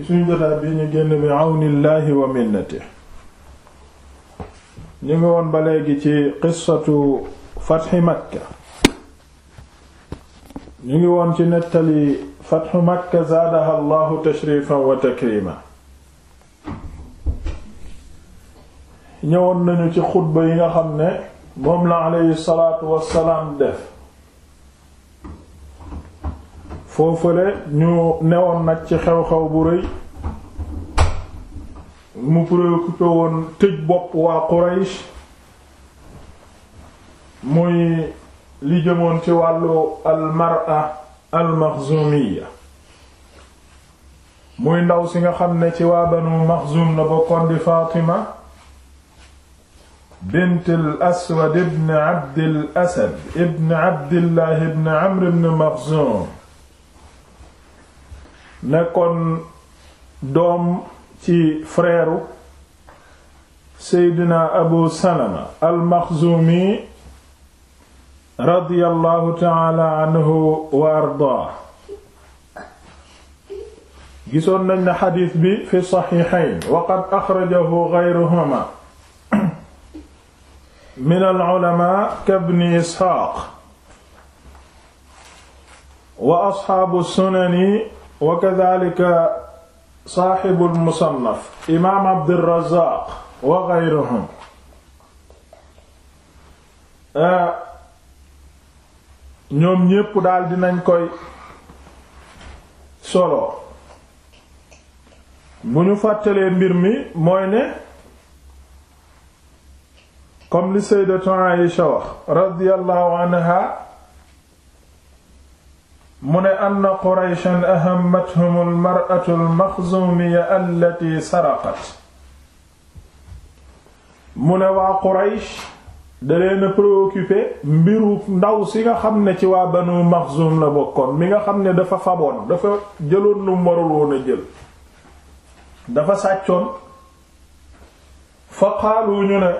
ci suñu jotaa bi ñu génn bi àwnillaahi wa minnati ñu ngi woon ba léegi ci qissatu fatxi makka ñu ngi woon ci nettali fatxu makka zaadaha allahu tashrifan wa takrima ñëwoon nañu ci xutba yi nga xam ne moom la aleyhi salaatu wassalaam def foofale ñu newoon nag ci xew-xew bu rëy mu préoccupé woon tëj bopp waa Quraysh muy li jëmoon ci wàllu almara almaxzumiya muy ndaw si nga xam ne ci waa banu maxzum la bokkoon di Fatima bint aswad ibn abdil asad ibn abdillah ibn amr ibn maxzum nekkoon doom ci frère seydina abu salama almaxzumi radiyallahu taala anhu wa ardaa gisoon nañ ne xadiis bi fi saxiixayn wa qad axrajahu gayruhuma min al-ulamaa kabni isxaaq wa asxaabu sunani wa kadhalika saaxibul musannaf imaam Abdurrazaaq wa ghayruhum ñoom ñépp daal dinañ koy solo bu ñu fàttalee mbir mi mooy ne comme li sayyidatu Aisha wax radiyallahu anha mu ne anna qurayshan ahammathum almaratu almaxzumiya allati saraqat mu ne waa quraysh da leen a préoccupé mbiru ndaw si nga xam ne ci waa banu maxzum la bokkoon mi nga xam ne dafa faboon dafa jëloon lu mu warul woon a jël dafa sàccoon fa qaalu ñu ne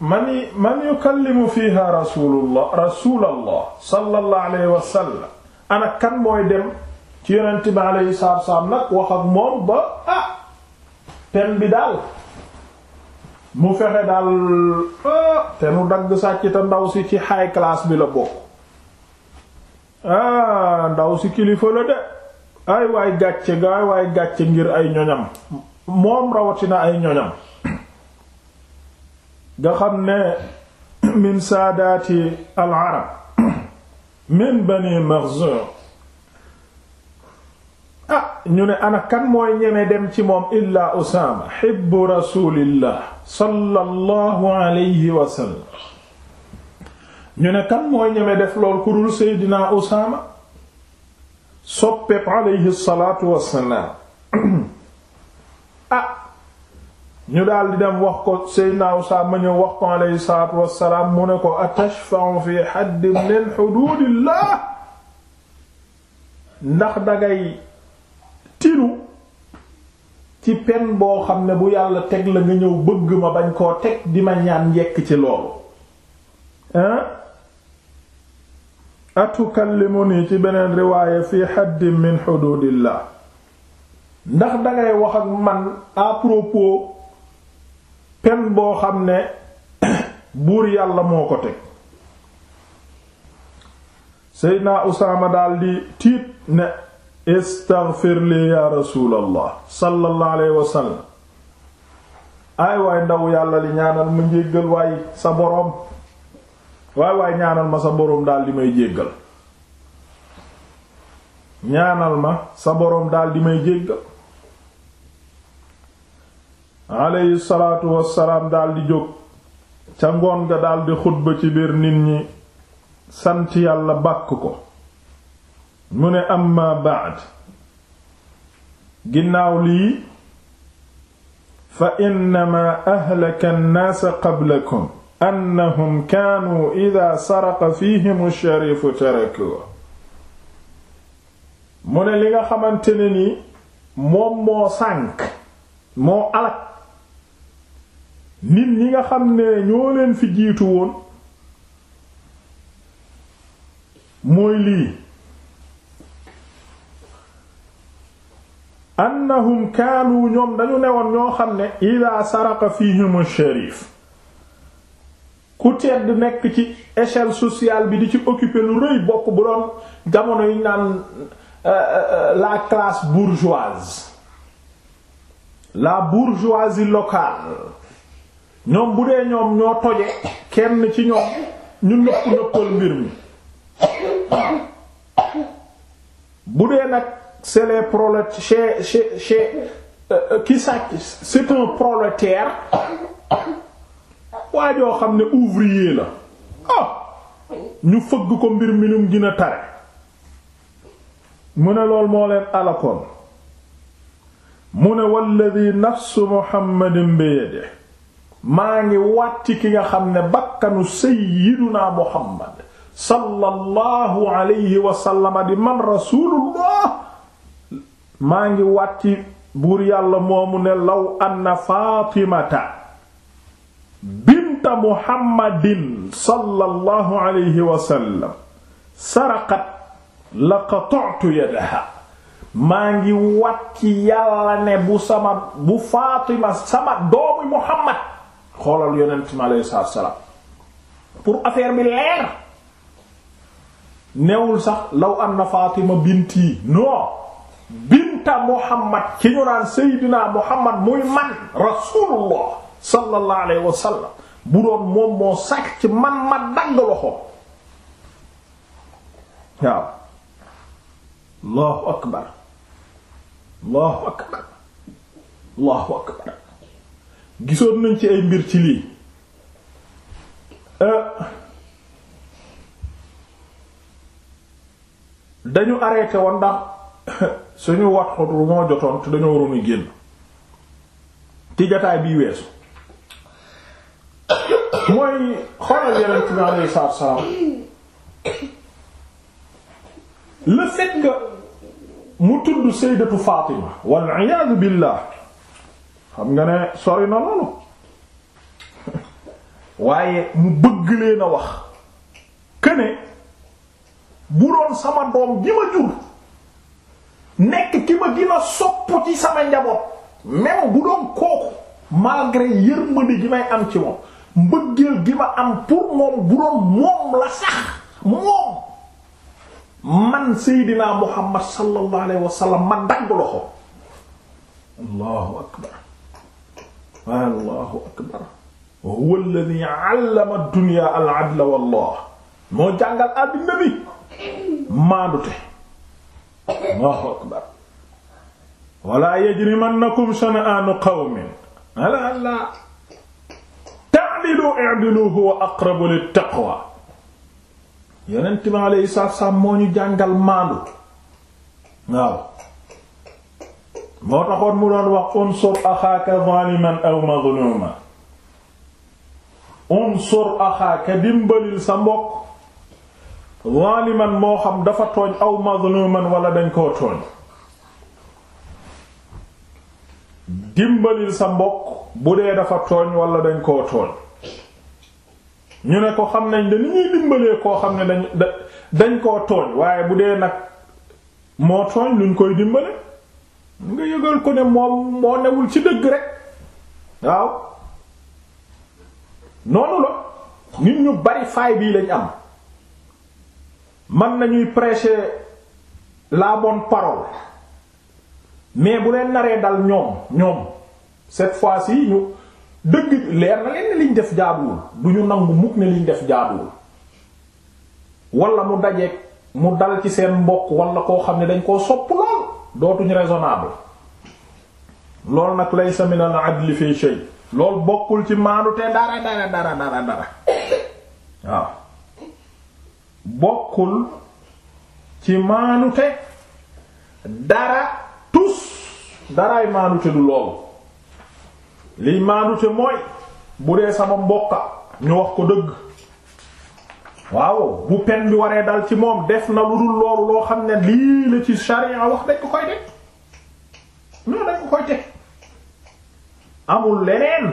man man yukallimu fiha rasulullah rasulallah sallallahu alayhi wa sallam ana kan mooy dem ci yonent bi alayhi salaatu wassalaam nag wax ak moom ba tem ah, bi daal mu fexe daal ah, te nu dagg sàcc te ndaw si ci high class bi la bokk ah, ndaw si kilifa la de ay waay gàcce gaay waay gàcce ngir ay ñoñam moom rawatina ay ñoñam nga xam ne min saadaati al arab min bani Makhzum ah ñu ne ana kan mooy ñeme dem ci moom illaa Usaama xibbu rasulillah sallallahu alayhi wa sallam ñu ne kan mooy ñeme def lool ku Seydina Usaama soppeeb alayhi salaatu wassalaam ñu daal di dem wax ko Seydina Usaama ma ñëw wax ko alayhi wassalaam mu ne ko atashfa'u fi haddin min huduudillah ndax dangay tiru ci pen boo xam ne bu yàlla teg la nga ñëw bëgg ma bañ koo teg di ma ñaan yekk ci loolu hein atukallimuni ci beneen riwaaya fi haddin min huduudillah ndax dangay wax ak man à pen boo xam ne buur yàlla moo ko teg seydna usaama daldi tiit ne istaghfir li ya rasuulallah sallallahu alayhi wasallam ay waay ndaw yàlla li ñaanal ma njéggal waay sa boroom waay waay ñaanal ma sa boroom daldi may jéggal ñaanal ma sa boroom daldi may jéggal aleyhi salaatu wassalaam daldi jóg ca ngoon ga daldi xutba ci biir nit ñi sant yàlla bàkk ko mu ne ginnaaw lii fa innama ahlaka annaasa qablakum annahum kaanuu ida saraqa fihim sharifu taraku mu ne li nga xamante ne ni moom moo sànk moo alak nit ñi nga xam ne ñoo leen fi jiitu woon mooy lii annahum kaanu ñoom dañu newoon ñoo xam ne ida saraka fihim sharif ku tedd nekk ci échelle social bi di ci occuper lu rëy bokk bu doon jamono yi naan euh, euh, la classe bourgeoise la bourgeoisie locale ñoom bu dee ñoom ñoo toje kenn ci ñoom ñu nëpp nëppal mbir mi bu dee nag c'est les prolétaires chez chez chez ki euh, sàcc c'est un prolétaire waa joo xam ne ouvrier la ah ñu fëgg ko mbir mi num gën a tare mu ne lool moo leen alakoon mu ne walladi nafsu muhammadin bi yadihi maa ngi wàcc ki nga xam ne bakkanu sayyiduna muhammad sallallahu alayhi wa di man rasulullah maa ngi wàcc buur yàlla moomu ne law anna fatimata binta muhammadin sallallahu alayhi wa sallam saraqat laqata'tu yadaha maa ngi wàcc yàlla ne bu sama bu fatima sama doomu muhammad xoolal yonent mi aleyhi salaatu salaam pour affaire bi leer newul sax law anna Fatima binti non binta Muhammad ki ñu naan Seydina Muhammad muy man rasulullah sallallahu alayhi wa sallam bu doon moom moo sàkk ci man ma dagg loxo waaw allahu akbar allahu akbar allahu akbar gisoon nañ ci ay mbir ci lii euh, dañu arrêté woon ndax suñu wax xot moo jotoon te dañoo waroon génn ci jotaay bii weesu mooy xoolal yeneen ci mi aleyhi salaatu salaam le fait que mu tudd sayyidatu Fatima wal iyaadu billah xam nga ne sori na loolu waaye mu bëgg leen wax këne bu doon sama doom gi ma jur nekk ki ma gën a sopp ci sama njaboot même bu doon kooku malgré yërmande gi may am ci moom mbëggeel gi ma am pour moom bu doon moom la sax moom man Seydina Muhammad sallallahu alayhi ma dagg loxo allahu akbar allahu akbar huwa alladhi allama dunya al adla wallah moo jàngal àddina bi maandute allahu akbar wala yajrimannakum shana'anu qawmin ala alla ta'dilu i'dilu huwa aqrabu lit taqwa yonent bi alayhi salaam moo ñu jàngal maandu waaw moo taxoon mu doon wax unsur axaaka zaliman aw mazluma unsur axaaka dimbalil sa mbokk zaliman moo xam dafa tooñ aw mazluman wala dañ koo tooñ dimbalil sa mbokk bu dee dafa tooñ wala dañ koo tooñ ñu ne ko xam nañ de ni ñuy dimbalee koo xam ne dañ dañ koo tooñ waaye bu dee nag moo tooñ luñ koy dimbale nga yëgal ko ne moom moo newul ci dëgg rek waaw noonu la nit ñu bari faay bii lañ am man nañuy prêcher la bonne parole mais bu leen naree dal ñoom ñoom cette fois si ñu dëgg leer na leen liñ def jaaduwul du ñu nangu mukk ne liñ def jaaduwul wala mu dajeeg mu dal ci seen mbokk walla koo xam ne dañ koo sopp lool dootuñ raisonnable loolu nag laysa min al adli fi shay loolu bokkul ci maandu te dara dara dara waaw bokkul ci maandu te dara tus daraay maandu te du loolu liy maandu te mooy bu dee sama mbokka ñu wax ko dëgg waaw bu pen bi waree dal ci moom def na lu dul loo xam ne lii la ci charia wax dañ ko koy teg non dañ ko koy teg amul leneen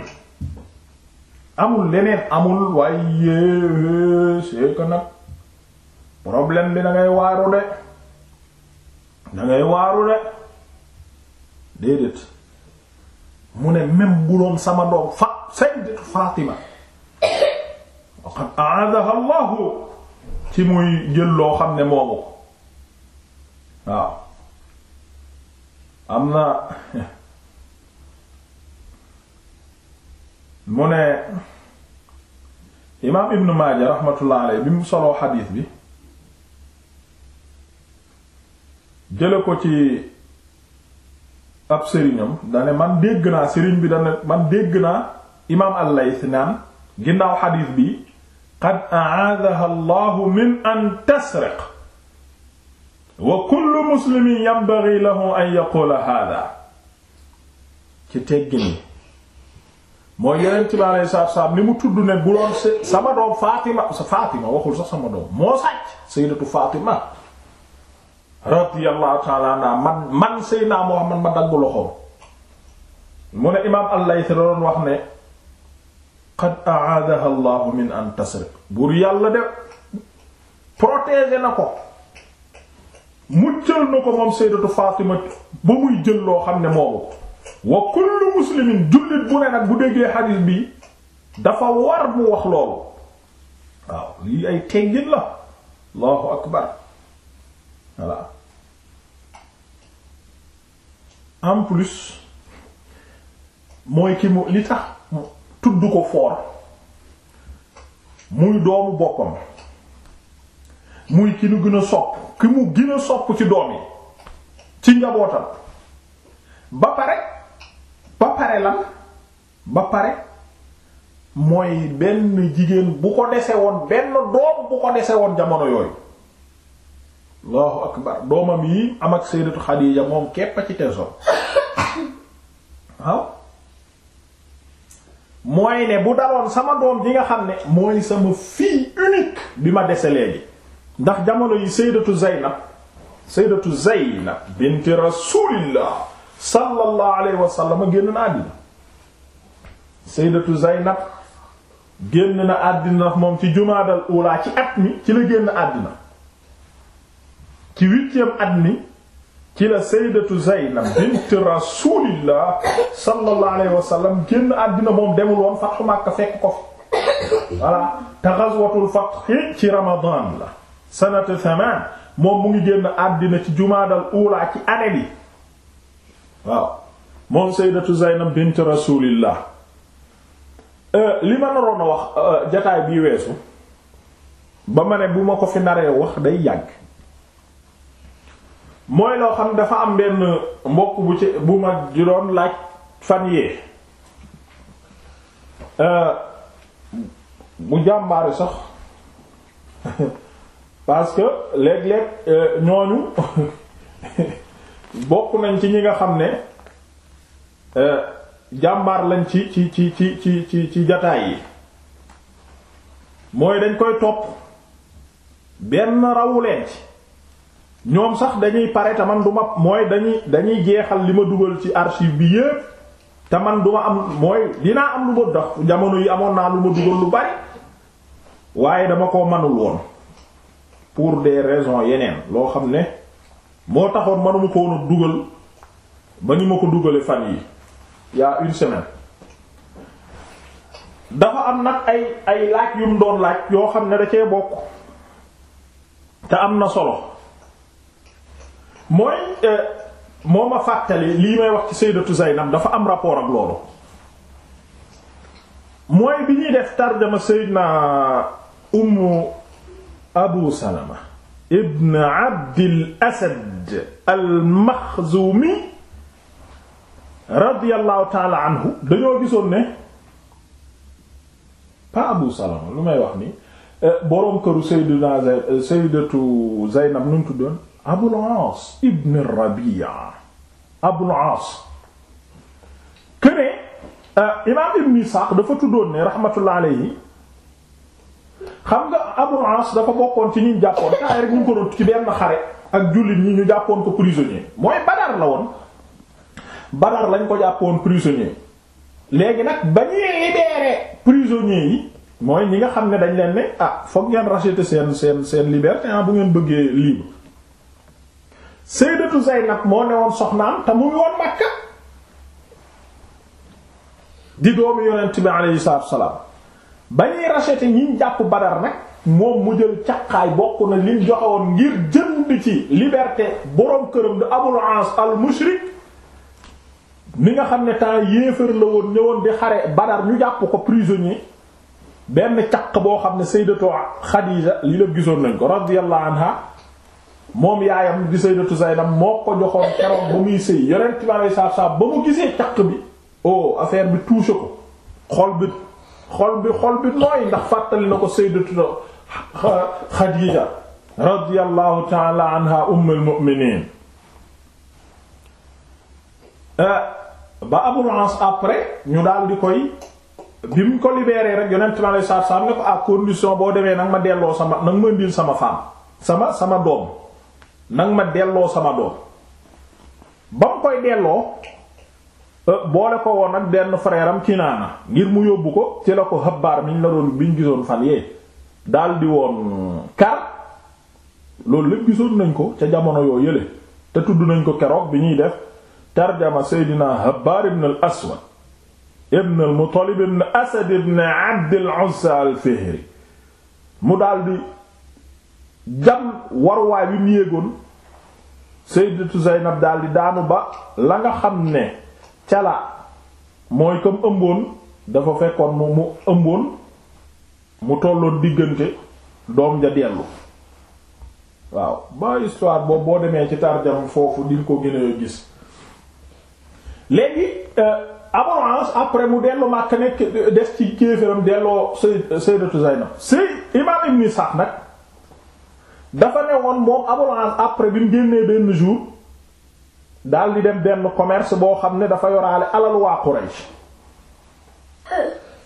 amul leneen amul waaye c'est que nag problème bi da ngay waaru de da waaru de déedéet mu ne même bu sama doom fa Sayyidatu Fatima waqad ci muy jël loo xam ne moomu ko waaw am na mu ne imaam Ibn Maaja rahmatullah alayhi bi mu soloo xadiis bi jële ko ci ab sëriñam dane man dégg naa sëriñ bi dane man dégg naa imaam al-Layth naan ginnaaw xadiis bi qad a'aadaha allahu min an tasriq wa kullu muslimin yanbaghi lahu an yaqula haadaa ci teggin mooy yeneen ci laa lay saabsaab ni mu tudd ne bu doon sama doom Fatima Fatima waxul sax sama doom moo sàcc sayyidatu Fatima radiyallahu ta'ala anha man man sayyidina Muhammad ma dagg loxoom mu ne imaam al-Layth la doon wax ne. qad aadaha allahu min an tasriq buur yàlla de protéger na ko muccal na ko moom sayyidatu Fatima ba muy jël loo xam ne moomu ko wa kullu muslimin jullit bu ne nag bu déggee xadiis bi dafa war mu wax loolu waaw lii ay teggin la allahu akbar voilà en plus mooy ki mu li tax tudd ko foor muy doomu boppam muy ki nu gën a sopp ki mu gën sopp ci doom yi ci njabootam ba pare ba pare lan ba pare mooy benn jigéen bu ko dese benn doom bu ko dese jamono yooyu allahu akbar doomam yi am ak sayyidatu Xadiija moom képp a ci tesoon mooy ne bu daroon sama doom ji nga xam ne mooy sama fii unique bi ma dese léegi ndax jamono yi sayyidatu Zaynab sayyidatu Zaynab bint rasulillah sallallahu alayhi wa sallam génn na àddina sayyidatu Zaynab génn na àddina ndax moom ci jumaadal ula ci at mi ci la génn àddina ci huitième at mi ci la sayyidatu Zaynab bint rasulillah sallallahu alayhi wa sallam génn àddina moom demul woon fatxu Makka fekk ko fi voilà te ghazwatul fath ci ramadan la moom mu ngi génn àddina ci jumaadal uulaa ci année bi waaw moom sayyidatu Zaynab bint rasulillah euh, li ma wax euh, jataay bi weesu ba ma ne bu ma ko fi naree wax day yàgg mooy loo xam dafa am benn mbokk bu ci bu ma juróon laaj fan yee euh, bu jàmbaari sox parce que léeg euh, ñooñu bokk nañ ci ñi nga xam ne euh, jàmbaar lañ ci ci ci ci ci ci ci jataay yi mooy dañ koy topp benn rawuleen ñoom sax dañuy pare te man du ma mooy dañuy dañuy jeexal li ma dugal ci archive bi yépp te man duma am mooy dinaa am lu ma dox jamono yi amoon naa lu ma dugal lu bari waaye dama ko manul woon pour de raisons yeneen loo xam ne moo taxoon manuma ko woon dugal ba ñu ma ko dugalee fan yi yaa une semaine dafa am nag ay ay laaj yum doon laaj yoo xam ne da cee bokk te am na solo mooy euh, moo ma fàttali lii may wax ci sayyidatu Zaynab dafa am rapport ak loolu mooy bi ñuy def tarjama sayyidna ummu abu salama ibn abdil asad al-Maxzumi radiyallahu taala anhu dañoo gisoon ne pa abu salama lu may wax ni euh, boroom këru sayyiduna sayyidatu Zaynab nu mu tuddoon Abul Aas ibn Rabi'a Abul Aas këne euh, imaam Ibn Isaaq dafa tuddoon ne rahmatullah yi xam nga Abul Aas dafa bokkoon ci ñu jàppoon taa rek ko doon ci benn xare ak jullit ñi ñu jàppoon ko prisonnier mooy Badar la woon Badar lañ ko jàppoon prisonnier léegi nag ba ñuy libérer prisonniers yi mooy ñi nga xam ne dañ leen ne ah foog ngeen racheter seen seen seen liberté ah bu ngeen bëggee libre sayyidatu Zaynab moo newoon soxnaam te mu ngi woon Makka di doomu yonent bi alayhi salaatu wassalaam ba ñuy racheter ñiñ jàpp Badar nag moom mu jël caqaay bokk na liñ joxe woon ngir jënd ci liberté boroom këram di Abul Aas al mushrik mi nga xam ne temps yéefar la woon ñëwoon di xare Badar ñu jàpp ko prisonnier benn caq boo xam ne sayyidatu Xadiija li la gisoon nañ ko radiyallahu anha moom yaayam di Sayyidatu Zaynab moo ko joxoon keroog ba muy sëy yonent bi alayhi salaatu salaam ba mu gisee caq bi oh affaire bi touché ko xol bi xol bi xol bi nooy ndax fàttali na ko Sayyidatu Xadiija radiyallahu ta'ala anha ummul mu'minin eh, ba Abul As après ñu daal di koy bi mu ko libéré rek yonent bi alayhi salaatu salaam ne ko à condition boo demee nag ma delloo sama nag ma indil sama femme sama sama doom nag ma delloo sama doom ba mu koy delloo euh, boole ko woon ak benn frère am Kinaana ngir mu yóbbu ko ci la ko xabaar miñ la doon biñ gisoon fan yee daldi woon kar loolu lépp gisoon nañ ko ca jamono yoo yële te tudd nañ ko keroog bi ñuy def tarjama seydina Habbaar ibn al Aswad ibn al Muttalib Asad ibn Abd al al Fihri mu daldi jam waruwaay bi mu yéegoon sayyidatu Zaynab daal di daanu ba la nga xam ne cala la mooy comme ëmboon dafa fekkoon mu mu ëmboon mu tolloon diggante doom ja dellu waaw ba histoire boobu boo demee ci tarjam foofu di ko gën a gis léegi euh, Amr après mu dellu Makka nekk def ci kéefëram delloo Sayyidatu Zaynab sëy imaam Ibn Sa'd nag dafa ne woon moom Abul As après bi mu génnee benn jour daal di dem benn commerce boo xam ne dafa yoraale alal waa Quraysh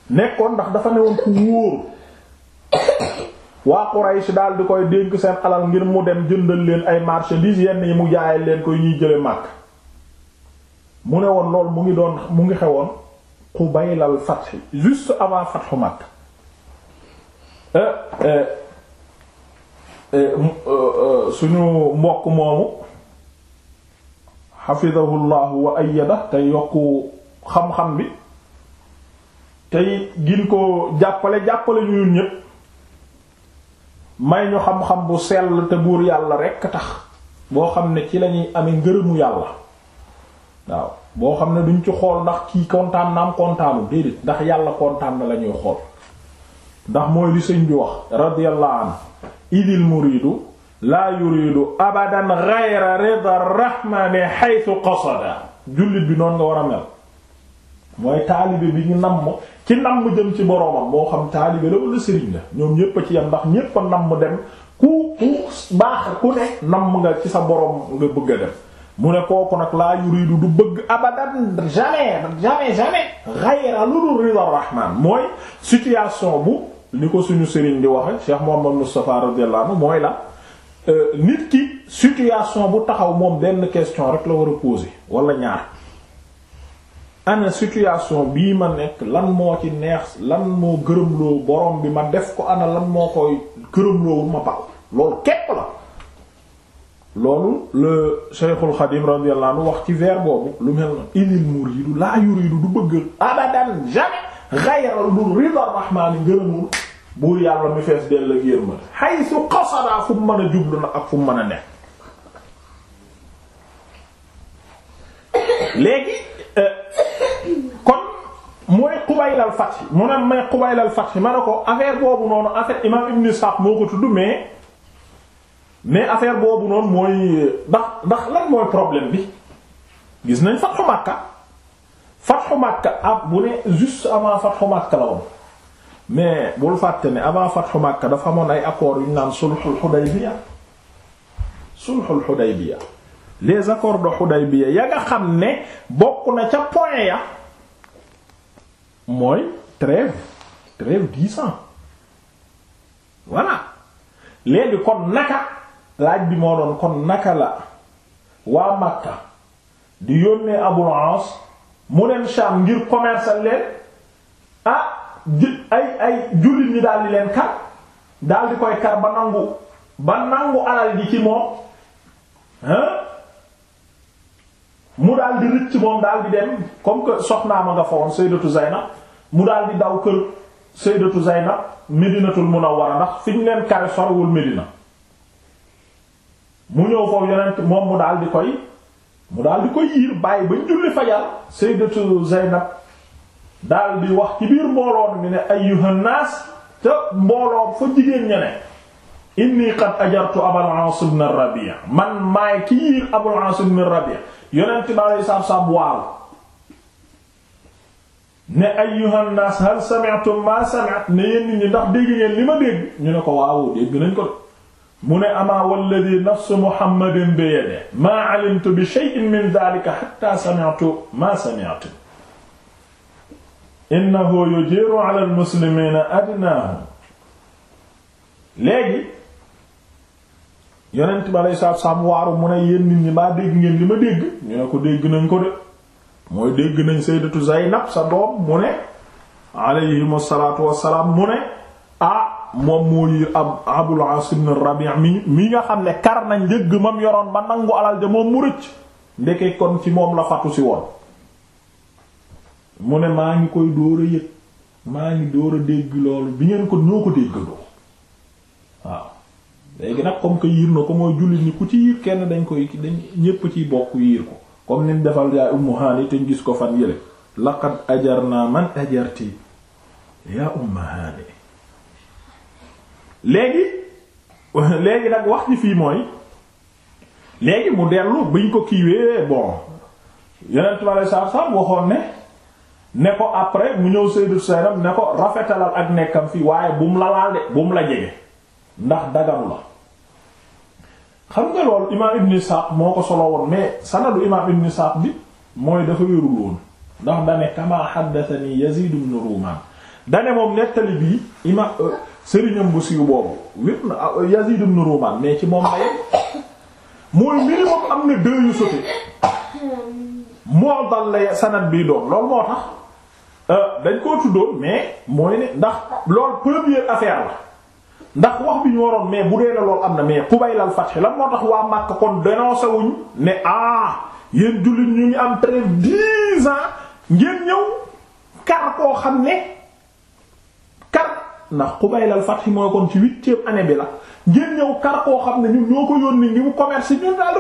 nekkoon ndax dafa ne woon ku wóor waa Quraysh daal di koy dénk seen alal ngir mu dem jëndal leen ay marchandises yenn yi mu jaayal leen koy ñuy jële màkk mu ne woon lool mu ngi doon mu ngi xewoon qubaylal fath juste avant fathu Makka euh, euh, Eh, eh, eh, suñu mbokk moomu xafidahu llahu wa ayada te yokku xam-xam bi tey gin ko jàppale jàppale ñu ñun ñépp may ñu xam-xam bu sell te buur yàlla rekk a tax boo xam ne ci lañuy amee ngërëmu yàlla waaw boo xam ne duñ ci xool ndax kii kontaan naam kontaanu déedéet ndax yàlla kontaan na lañuy xool ndax mooy li sëñ bi wax radiyallahu anhu idil muridu laa yuridu abadan ghayra rida rahmani haythu qasada jullit bi noon nga war a mel mooy taalibe bi ñu namm ci namm jëm ci boroomam boo xam taalibe la wala sëriñ la ñoom ñépp a ci yam ndax ñépp a namm dem ku ku baax ku ne namm nga ci sa boroom nga bëgg a dem mu ne kooku nag laa yuridu du bëgg abadan jamais jamais jamais ghayra lu dul rida rahman mooy situation bu ni ko suñu sëriñ di waxe Cheikh Mouhamadou Moustapha radiyallahu anhu mooy la euh, nit ki situation bu taxaw moom benn question rek la war a poser wala ñaar ana situation bii ma nekk lan moo ci neex lan moo gërëmloo borom bi ma def ko ana lan moo koy gërëmloo ma baax loolu képp la loolu le Cheikhul Khadim radiyallahu anhu wax ci vers boobu lu mel na inil muridu la yuridu du bëgg abadan jamais xayral du ridar rahmaani ngërëmul buur yàlla mi fees dell ak yërmande haythu qasada fu mu mën a jublu nag ak fu mu mën a ne léegi euh, kon mooy qubaylal fath mu ne may qubaylal fath ma ne ko affaire boobu noonu affaire imam ibn Ishaq moo ko tudd mais mais affaire boobu noonu mooy ndax ndax lan mooy problème bi gis nañ fathu Makka fatxu Makka ab bu ne juste avant fatxu Makka la woon mais bul fàtte ne avant fatxu Makka dafa amoon ay accords yu naan sulxul Xudaybiya sulxul Xudaybiya les accords de Xudaybiya ya nga xam ne bokk na ca point ya mooy trêve trêve dix ans voilà léegi kon naka laaj bi moo doon kon naka la waa Makka di yónnee Abul Aas mu dem Sham ngir commercial leen ah ay ay jullit ñi daal leen kar daal di koy kar ba nangu ba nangu alal ji ci moom hein mu daal di moom daal dem comme que sot soxnaama nga fa woon Sayyidatu Zaynab mu daal di daw kër Sayyidatu Zaynab Medinatul Munawwara ndax fi ñu leen kare sorwul Medina mu ñëw foofu yonent moom mu daal koy mu daal di ko yiir bàyyi bañ julli fajar sayyidatu Zaynab daal di wax ci biir mbooloo mi ne ayyuhan naas te mbooloo fa jigéen ña ne inni qad ajartu Abul Aas ibn Rabi' man maay ki yiir Abul Aas ibn Rabi' yonent bi alayhi salaatu salaam waaw ne ayyuhan naas hal sami'tum ma sami'tu ne yéen ñi ndax dégg ngeen li ma dégg ñu ne ko waaw dégg nañ ko mu ne amaa walladi nafsu muhammadin bi yede maa alimtu bi shay'in min dhalika hatta sami'tu ma sami'tu innahu yujiru ala almuslimina adnaahum léegi yonent bi alei satu salaam waaru mu ne yéen nit ñi maa dégg ngeen li ma dégg ñu ne ko dégg nañ ko de mooy dégg nañ sayyidatu zaynab sa doom mu ne alayhim asalatu wasalaam mu ne ah moom moo yiir ab Abul As ibn mi mi nga xam ne kar nañ njëgg mam yoroon ba nangu alal ja moom mu rëcc ndeke kon ci moom la fatu si woon mu ne maa ngi koy dóor a yëg maa ngi dóor a dégg loolu bi ngeen ko ñoo ko déggandoo waaw léegi nag comme que yiir na ko mooy jullit ni ku ci yiir kenn dañ koy dañ ñépp ci bokk yiir ko comme ni mu defal yaay Ummu Haani te ñu gis ko fan yële laqad ajarna man ajarti yaa Ummu Haani léegi léegi nag wax ji fii mooy léegi mu dellu biñ ko kiiwee bon yeneen tubaab yi saaf waxoon ne ne ko après mu ñëw Seydou Seyram ne ko rafetalal ak nekkam fii waaye bu mu la de bu mu la jege ndax dagamu la. xam nga loolu imaam Ibn Ishaq moo ko solo woon mais sanadu imaam Ibn Ishaq bi mooy dafa wérul woon ndax dane kama haddathani Yazid ibn Ruman dane moom nettali bii sëriñam bu siiw boobu wér na ah, Yazid ibn mais ci moom la yem mooy minimum am na deux yu moo dal la sanad bi doon loolu moo tax euh, dañ koo tuddoon mais mooy ne ndax loolu première affaire la ndax wax bi ñu waroon mais bu dee la loolu am na mais Qubayl al-Fath la moo tax waa Makka kon dénoncé wuñ ne ah yéen jullit ñu ngi am trêve dix ngeen ñëw kar koo xam ne kar ndax xubaylal fatxi mooy kon ci huitième année bi la ngeen ñëw kar koo xam ne ñun ñoo ko yónni ngi mu commerce ñun daal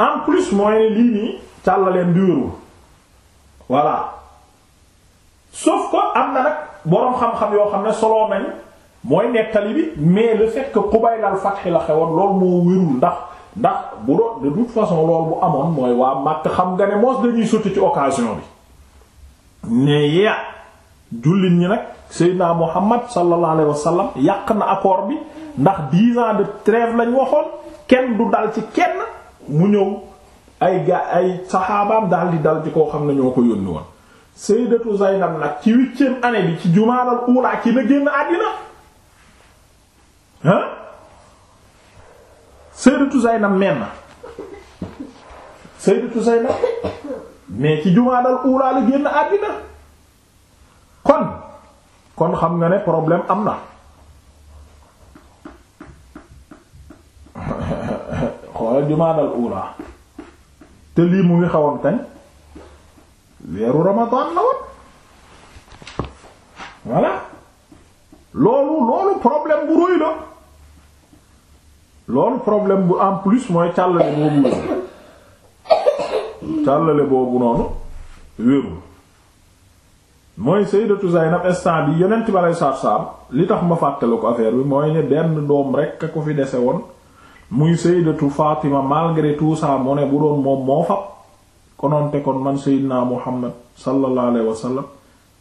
en plus mooy lii nii càllaleen di voilà sauf am na nag boroom yoo xam ne soloo nañ mooy nettali bi mais le fait que xubaylal fatxi la xewoon loolu moo wérul ndax ndax bu doon de toute façon loolu bu amoon mooy waa Makka xam nga ne moos dañuy sotti ci occasion bi ne ya jullit ñi nag Seydina Muhammad sallallahu alayhi wa sallam yàq na accord bi ndax dix ans de trêve lañ waxoon kenn du dal ci kenn mu ñëw ay ga ay saxaabaam daal di dal ci koo xam ne ñoo ko yónni woon Sayyidatu nag ci huitième année bi ci jumaadal uulaa ci na génn men na mais ci jumaadal uulaa la génn àddina kon kon xam nga ne problème am na xoolal jumaadal ula te lii mu ngi xawoon kañ weeru ramadan la woon voilà loolu loolu problème bu rëy la loolu problème bu en plus mooy càllale boobu wérul càllale boobu noonu wérul mooy sayyidatu Zaynab instant bi yonent bi aleyhi salaatu li tax ma fàttale ko affaire bi mooy ne benn doom rekk ko fi dese woon muy sayyidatu Fatima malgré tout ça mu ne bu doon moom moo fab konoonte kon man sayyidina Muhammad sallallahu alayhi wa sallam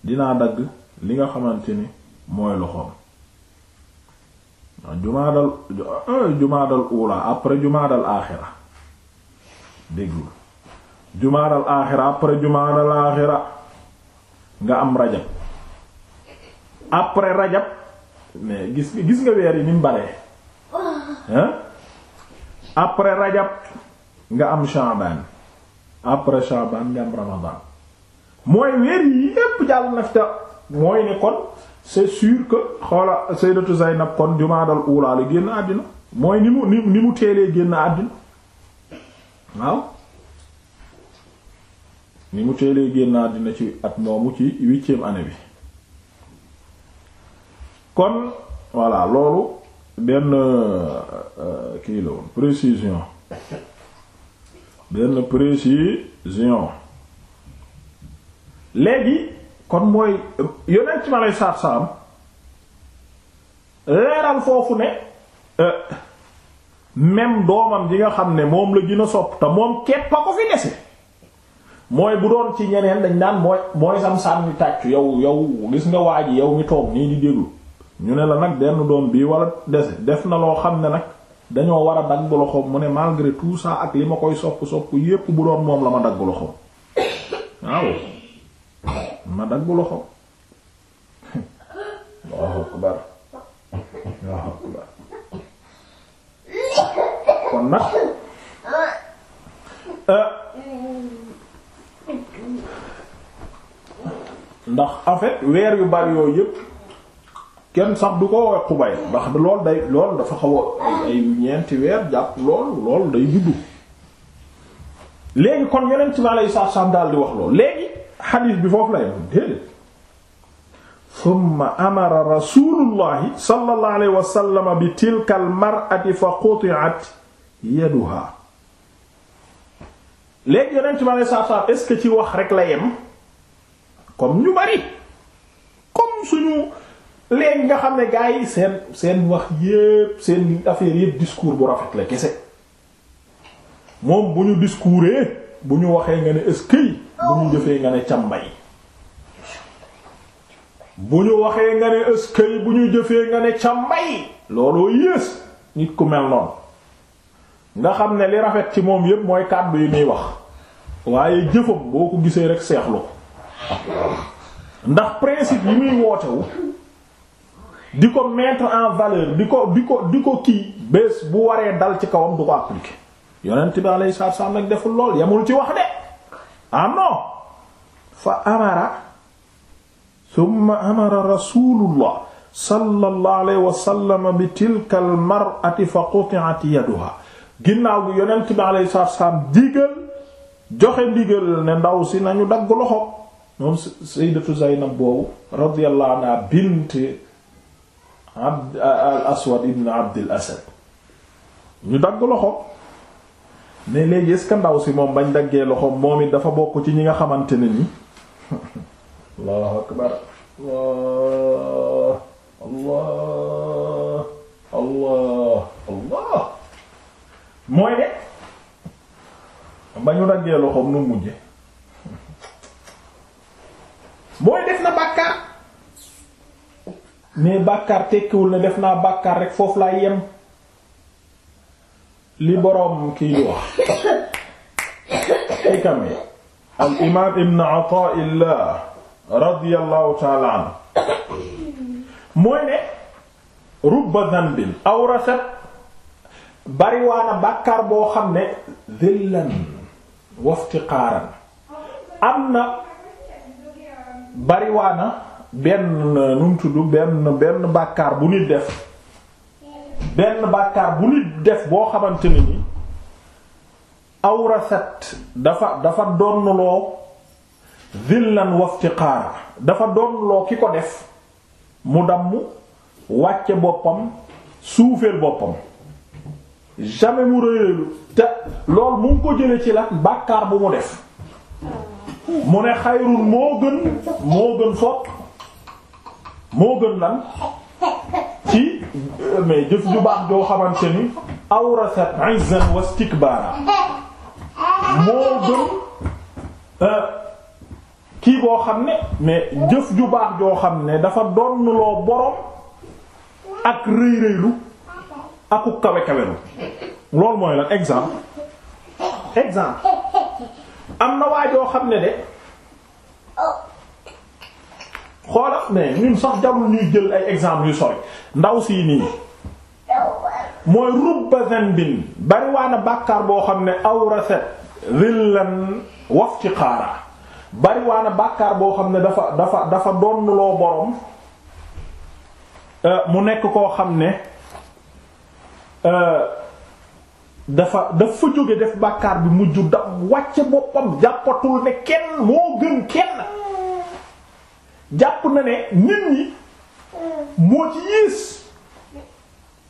dinaa dagg li nga xamante ni mooy loxoom jumaadal ah, jumaadal ah, ula après jumaadal aaxira déglu jumaadal aaxira après jumaadal aaxira nga am rajab après rajab mais gis nga weer yi ni mu baree hein après rajab nga am shaaban après shaaban nga am ramadan mooy weer yi yépp jàll na fi mooy ne kon c'est sûr que xoola sayyidatu Zaynab kon jumaadal uulaa la génn àddina mooy ni mu ni mu teelee génn àddina waaw ni mu teelee génn dina ci at moomu ci huitième année bi kon voilà loolu benn euh, euh, kii la woon précision benn précision léegi kon mooy yonent ma lay saat saam leeral foofu ne euh, même doomam ji nga xam ne moom la gën a sopp te moom kepp a ko fi dese mooy bu doon ci ñeneen dañ naan mooy mooy sam sànni tàccu yow yow gis nga waa ji yow mi toog nii di déglu ñu ne la nag benn doom bii wala dese def na loo xam ne nag dañoo war a dagg loxoom mu ne malgré tout ça ak li ma koy sopp sopp yépp bu doon moom la ma dagg loxoom waaw kon nag euh, ndax en weer yu bari yooyu yëpp kenn sax du ko xubay ndax lool day lool dafa xaw a ay ñeenti weer jàpp lool lool day juddu léegi kon yeneen ci ma lay saaf saaf daal di wax lool léegi xadiis bi foofu la yem déedéet summa amara rasulullahi sallallahu alayhi wa bi tilka al mar'ati fa quti'at yaduha léegi yonent ci aleyhi salaatu salaam est-ce que ci wax rek la yem comme ñu bari comme suñu léegi nga xam ne gars yi seen seen wax yépp seen affaire yépp discours bu rafet la kese moom bu ñu discouree bu ñu waxee nga ne est-ce que bu ñu jëfee nga ne cambay bu ñu waxee nga ne est bu ñu jëfee nga ne càmbay looloo yées nit ku mel noonu. nga xam ne li rafet ci moom yépp mooy kàddu yi muy wax waaye jëfam boo ko gisee rek seexlu ko ndax principe yi muy wootewu di ko mettre en valeur di ko di ko di ko kii bés bu waree dal ci kawam du ko appliquer yonent bi alayhi salaatu salaam deful lool yamul ci wax de ah non fa amara summa amara rasulullah sallallahu alayhi bi tilka al mar'ati fa quti'at yaduha ginnaaw gi yonent bi alayhi salaam digal joxe digal ne ndaw si nañu dagg loxo moom sayyidatu Zaynab boobu radiyallahu anha bint abd al aswad ibn abd asad ñu dagg loxo ne léegi est ndaw si moom bañ daggee loxo moom it dafa bokk ci ñi nga xamante ne ni allahu akbar allah allah allah mooy ne ba ñu raggee loxoom nu mujje mooy def na bàkkaar mais bàkkaar tekkiwul ne def naa bàkkaar rek foofu laa yem li boroom kii di wax ay kam al imaam ibn Ataa'illah radiyallahu ta'ala anhu mooy ne bariwaana bàkkaar boo xam ne dhillan waftiqaaran am na bariwaana benn numtudd benn benn bàkkaar bu nit def benn bàkkaar bu def boo xamante ne ni awrasat dafa dafa donnloo dhillan waftiqaara dafa donnloo ki ko def mu damm wàcce boppam suufeel boppam jamais mu réyéelu te lool mu ko jële ci la bàkkaar bu mu def mu ne xayrun moo gën moo gën fopp moo gën lan ci euh, mais jëf ju baax joo xamante ni awrasat izzan wastikbara moo gën euh, kii boo xam ne mais jëf ju baax joo xam ne dafa donn loo borom ak rëy rëylu aku kawe kawelu loolu mooy lan exemple exemple am na waajoo xam ne de xoola mais ñun sax jarul ñuy jël ay exemple yu sori ndaw sii nii mooy rubba zanbin bariwaana bàkkaar boo xam ne awrasat dhillan waftiqaara bariwaana bàkkaar boo xam ne dafa dafa dafa doon loo borom euh, mu nekk koo xam ne Euh, dafa dafa jóge def bàkkaar bi mujj dam wàcc boppam jàppatul ne kenn moo gën kenn jàpp na ne nit ñi moo ci yiis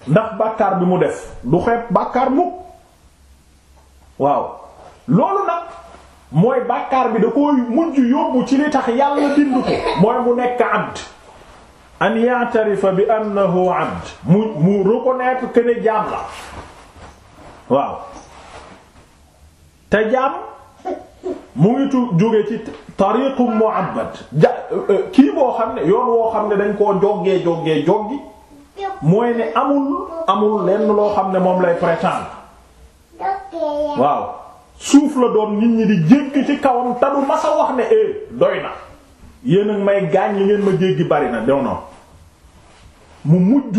ndax bàkkaar bi mu def du xeeb bàkkaar mukk waaw loolu nag mooy bàkkaar bi da koy mujj yóbbu ci li tax yàlla bind ko mooy mu nekk abd an bi annahu abd mu mu reconnaître que ne jaam la waaw te jaam mu ngi tu jóge ci tariqu mu'abbad ja euh, kii boo xam ne yoon woo xam ne dañ koo joggee joggee joggi mooy ne amul amul lenn loo xam ne moom lay prétendre waaw suuf la doom nit ñi di jégg ci kawam te du masa wax ne eh doy na yéen a may gaañ li ngeen ma jéggi bari na non mu mujj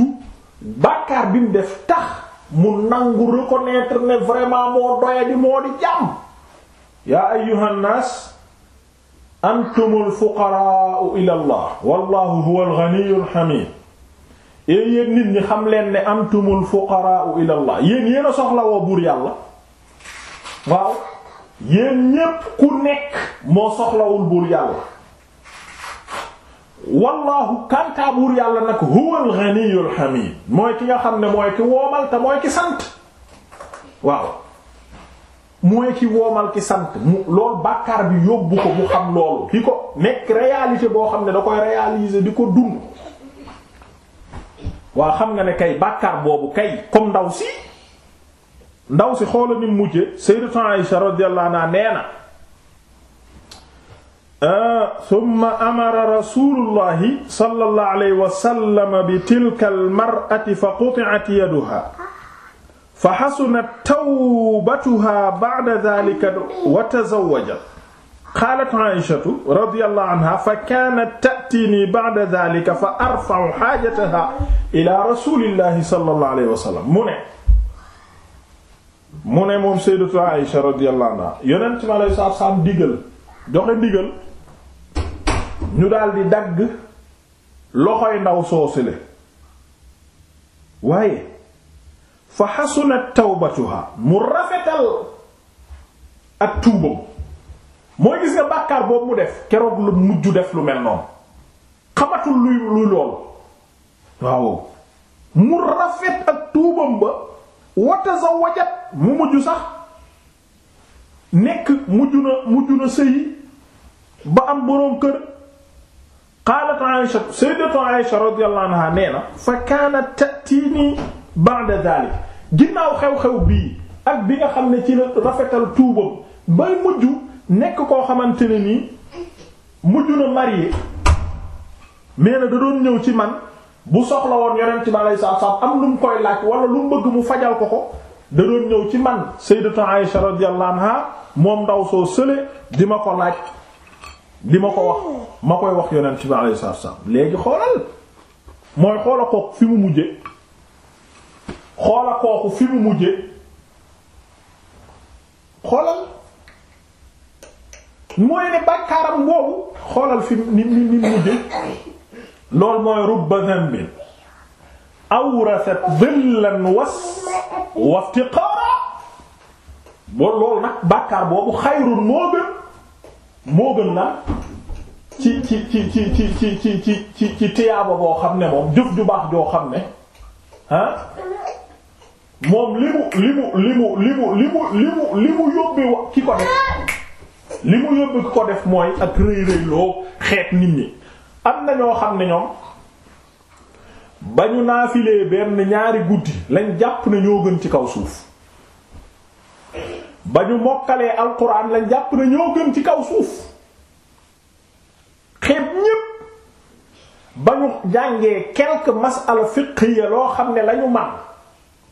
bàkkaar bi def tax mu nangu reconnaître ne vraiment moo doya di moo di jàmm yaa ayyuhan nas antumul ila allah wallahu huwal ghaniyyul hamid ee yéen nit ñi xam leen ne antumul fuqaraa'u ila allah yéen yéen a soxla woo buur yàlla waaw yéen ñépp ku nekk moo soxlawul buur yàlla wallaahu kanta buur yàlla nag huwal ghaniyyul hamid mooy ki nga xam ne mooy ki woomal te mooy ki sant waaw mooy ki woomal ki sant mu lool bàkkaar bi yóbbu ko mu xam loolu ki ko nekk réalité boo xam ne da koy réaliser di ko dund waa xam nga ne kay bàkkaar boobu kay comme ndaw si ndaw si xoola ni mujje sayyidatu Aisha radiyallahu anha nee na Ah, summa amara rasulullahi sallallahu alayhi wa sallam bi tilka almar'ati fa quti'at yaduha fa hasunat tawbatuha ba'da dhalika wa tazawwajat qaalat 'Aishatu radiyallahu anha fa kaanat ta'tini ba'da dhalika fa arfa'u haajataha ila rasulillahi sallallahu alayhi wa sallam mu ne mu ne moom sayyidatu Aisha radiyallahu anha yonent mi alayhi salaam digal joxe digal ñu daldi dagg loxoy ndaw soosule waaye fa xasunat tawbatuha mu rafetal ak tuubam mooy gis nga bàkkaar boobu mu def keroog lu mujj def lu mel noonu xamatul luy luy loolu waaw mu rafet ak tuubam ba wata sa wajat mu mujj sax nekk mujj na mujj na sëyi ba am boroom kër qaalat Aïsha sayyidatu Aïsha radiyallahu anha nee na fa kaanat ta'tiini ba'da daalik ginnaaw xew-xew bii ak bi nga xam ne ci la rafetal tuubam bay mujj nekk koo xamante ne nii mujj na marié mais na da doon ñëw ci man bu soxla woon yonent bi alayhi salaatu am lu mu koy laaj wala lu mu mu fajal ko ko da doon ñëw ci man sayyidatu Aïsha radiyallahu anha moom ndaw soo sële di ma ko laaj li ma ko wax ma koy wax yonent bi alayhi salaatu salaam léegi xoolal mooy xoola kooku fi mu mujje xoola kooku fi mu mujje xoolal mooy ne bàkkaaram boobu xoolal fi ni ni ni mujje loolu mooy rubba dhanbin awrasat dhillan was waftiqaara boo loolu nag bàkkaar boobu xayrun moo gën moo gën la ci ci ci ci ci ci ci ci ci ci boo xam ne moom jëf ju baax joo xam ne ah moom li mu li mu li mu li mu li mu li mu li mu yóbbe ki ko def li mu yóbbe ki ko def mooy ak rëy rëy loo xeet nit ñi am na ñoo xam ne ñoom ba ñu naafilee benn ñaari guddi lañ jàpp na ñoo gën ci kaw suuf ba ñu mokkalee alquran lañ jàpp na ñoo gën ci kaw suuf xeeb ñépp ba ñu jàngee quelques masala fiqhiya loo xam ne lañu ñu man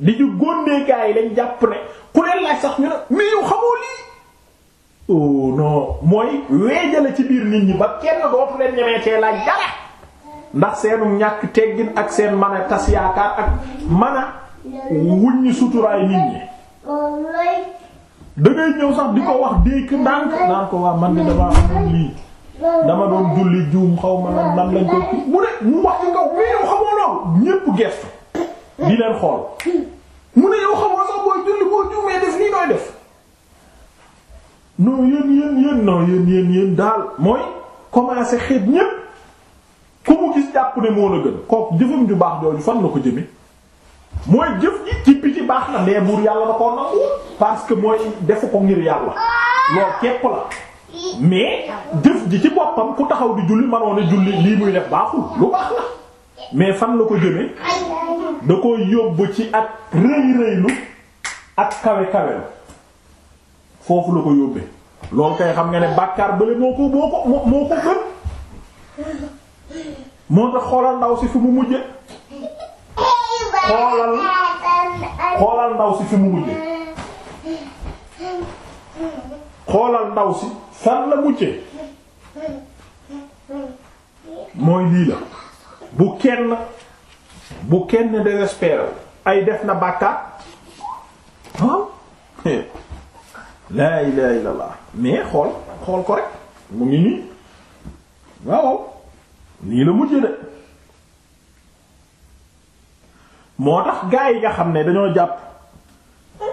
di ñu góndee gaa yi lañ jàpp ne ku leen laaj sax ñu ne mais yow xamoo lii oh non mooy weejale ci biir nit ñi ba kenn dootu leen ñemee cee laaj dara ndax seenu ñàkk teggin ak seen mën tas yaakaar ak mën a wuññi suturaay nit ñi da ngay ñëw sax di ko wax déeg ndànk naan ko waa man ne damaa amoon lii dama doon julli juum xaw ma nan nan lañ koy mu ne mu wax ci kaw mais leen xool mu ne yow xamoo sax booy julli boo juumee def nii nooy def non yéen yéen yéen non yéen yéen daal mooy commencé xeet ñépp ku mu gis jàpp ne moo la gën kooku jëfam ju baax jooju fan la ko jëme mooy jëf ji ci baax na mais buur yàlla da koo nangu parce que mooy defu ko ngir yàlla loolu képp la mais jëf ji ci boppam ku taxaw di julli manoon a julli lii muy def baaxul lu baax la mais fan la ko jëme da ko yóbbu ci ak rëy rëylu ak kawe kawe foofu la ko yóbbee loolu kay xam nga ne bàkkaar bële moo ko moo ko moo ko gën moo tax xoolal ndaw si fi mu mujje xoolal xoolal ndaw si fi mu mujje xoolal ndaw si fan la mujje mooy lii la bu kenn bu kenn désespéré ay def na bàkka ah laa ilaha illallah mais xool xool ko rek mu ngi nii waaw nii la mujje de moo tax gaa yi nga xam ne dañoo jàpp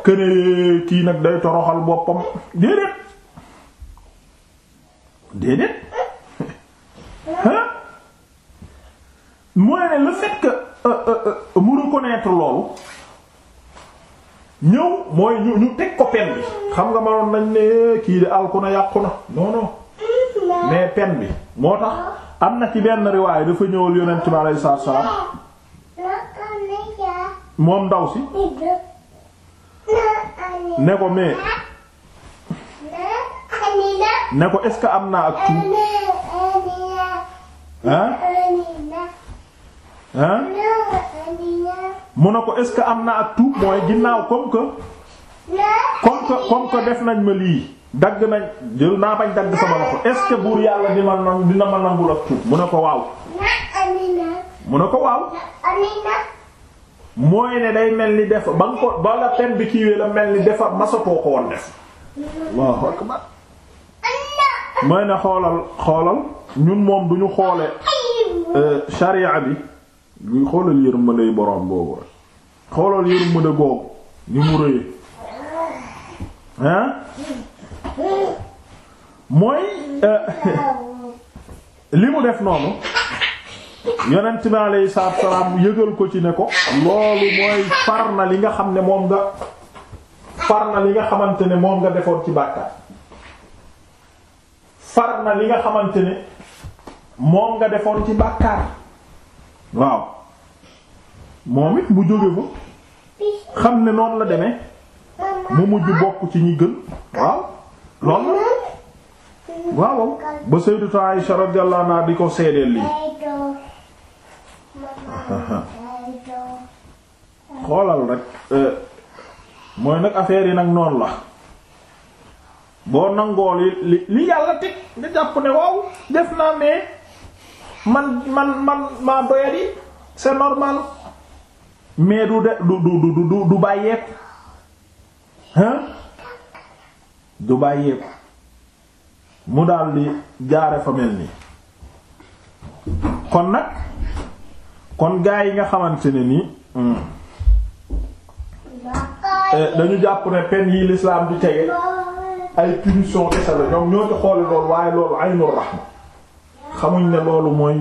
këne kii nag day toroxal boppam déedéet déedéet mooy ne le fait que euh, euh, euh, mu reconnaître loolu ñëw mooy ñu ñu teg ko pen bi xam nga manoon nañ ne eh, kii di alku na yàqu na non non pen bi moo tax am na ci benn riwaay dafa ñëwal yonent bi alayhi salaatu salaam moom ndaw si ne ko mais ne ko est-ce que am naa ak tuub hein hein mu ne ko est-ce que am naa ak ginnaaw comme que comme que comme que def nañ ma lii dagg nañ jël naa bañ dagg sama loxo est-ce buur yàlla di ma nangu dina ma nangul ak tuub mu ne ko waaw mu ne ko waaw mooy ne day mel ni def ba nga ko la kiiwee la mel ni defa masatoo ko woon def Allahu akbar mooy ne xoolal xoolal ñun moom duñu xoole euh, sharia bi luy xoolal yërmande borom boobu xoolal yërmande googu ni mu rëyee hein mooy euh, li mu def noonu yonent bi alayhi salaatu wa salaam yëgal ko ci ne ko loolu mooy far na li nga xam ne moom nga far na li nga xamante ne moom nga defoon ci bàkkaar far na li nga xamante ne moom nga defoon ci bàkkaar waaw moom it mu jóge fa xam ne noonu la deme mu mujj bokk ci ñi gën waaw loolu waaw ba Sayyidatu Aisha radiyallahu anha di ko seedeel lii xoolal rek euh, mooy nag affaire yi nag noonu la boo nangoo li li yàlla teg nga jàpp ne waaw def naa mais man man man maa doyadi c'est normal mais du de du du du du du bàyyeeku hein du bàyyeeku mu daal di jaare fa mel nii kon nag. kon gaa yi nga xamante ne nii hmm. eh, dañu jàpp ne peine yi l'islam di tege ay punition kese la ñoom ñoo ci xoole loolu waaye loolu aynu rahma xamuñ ne loolu mooy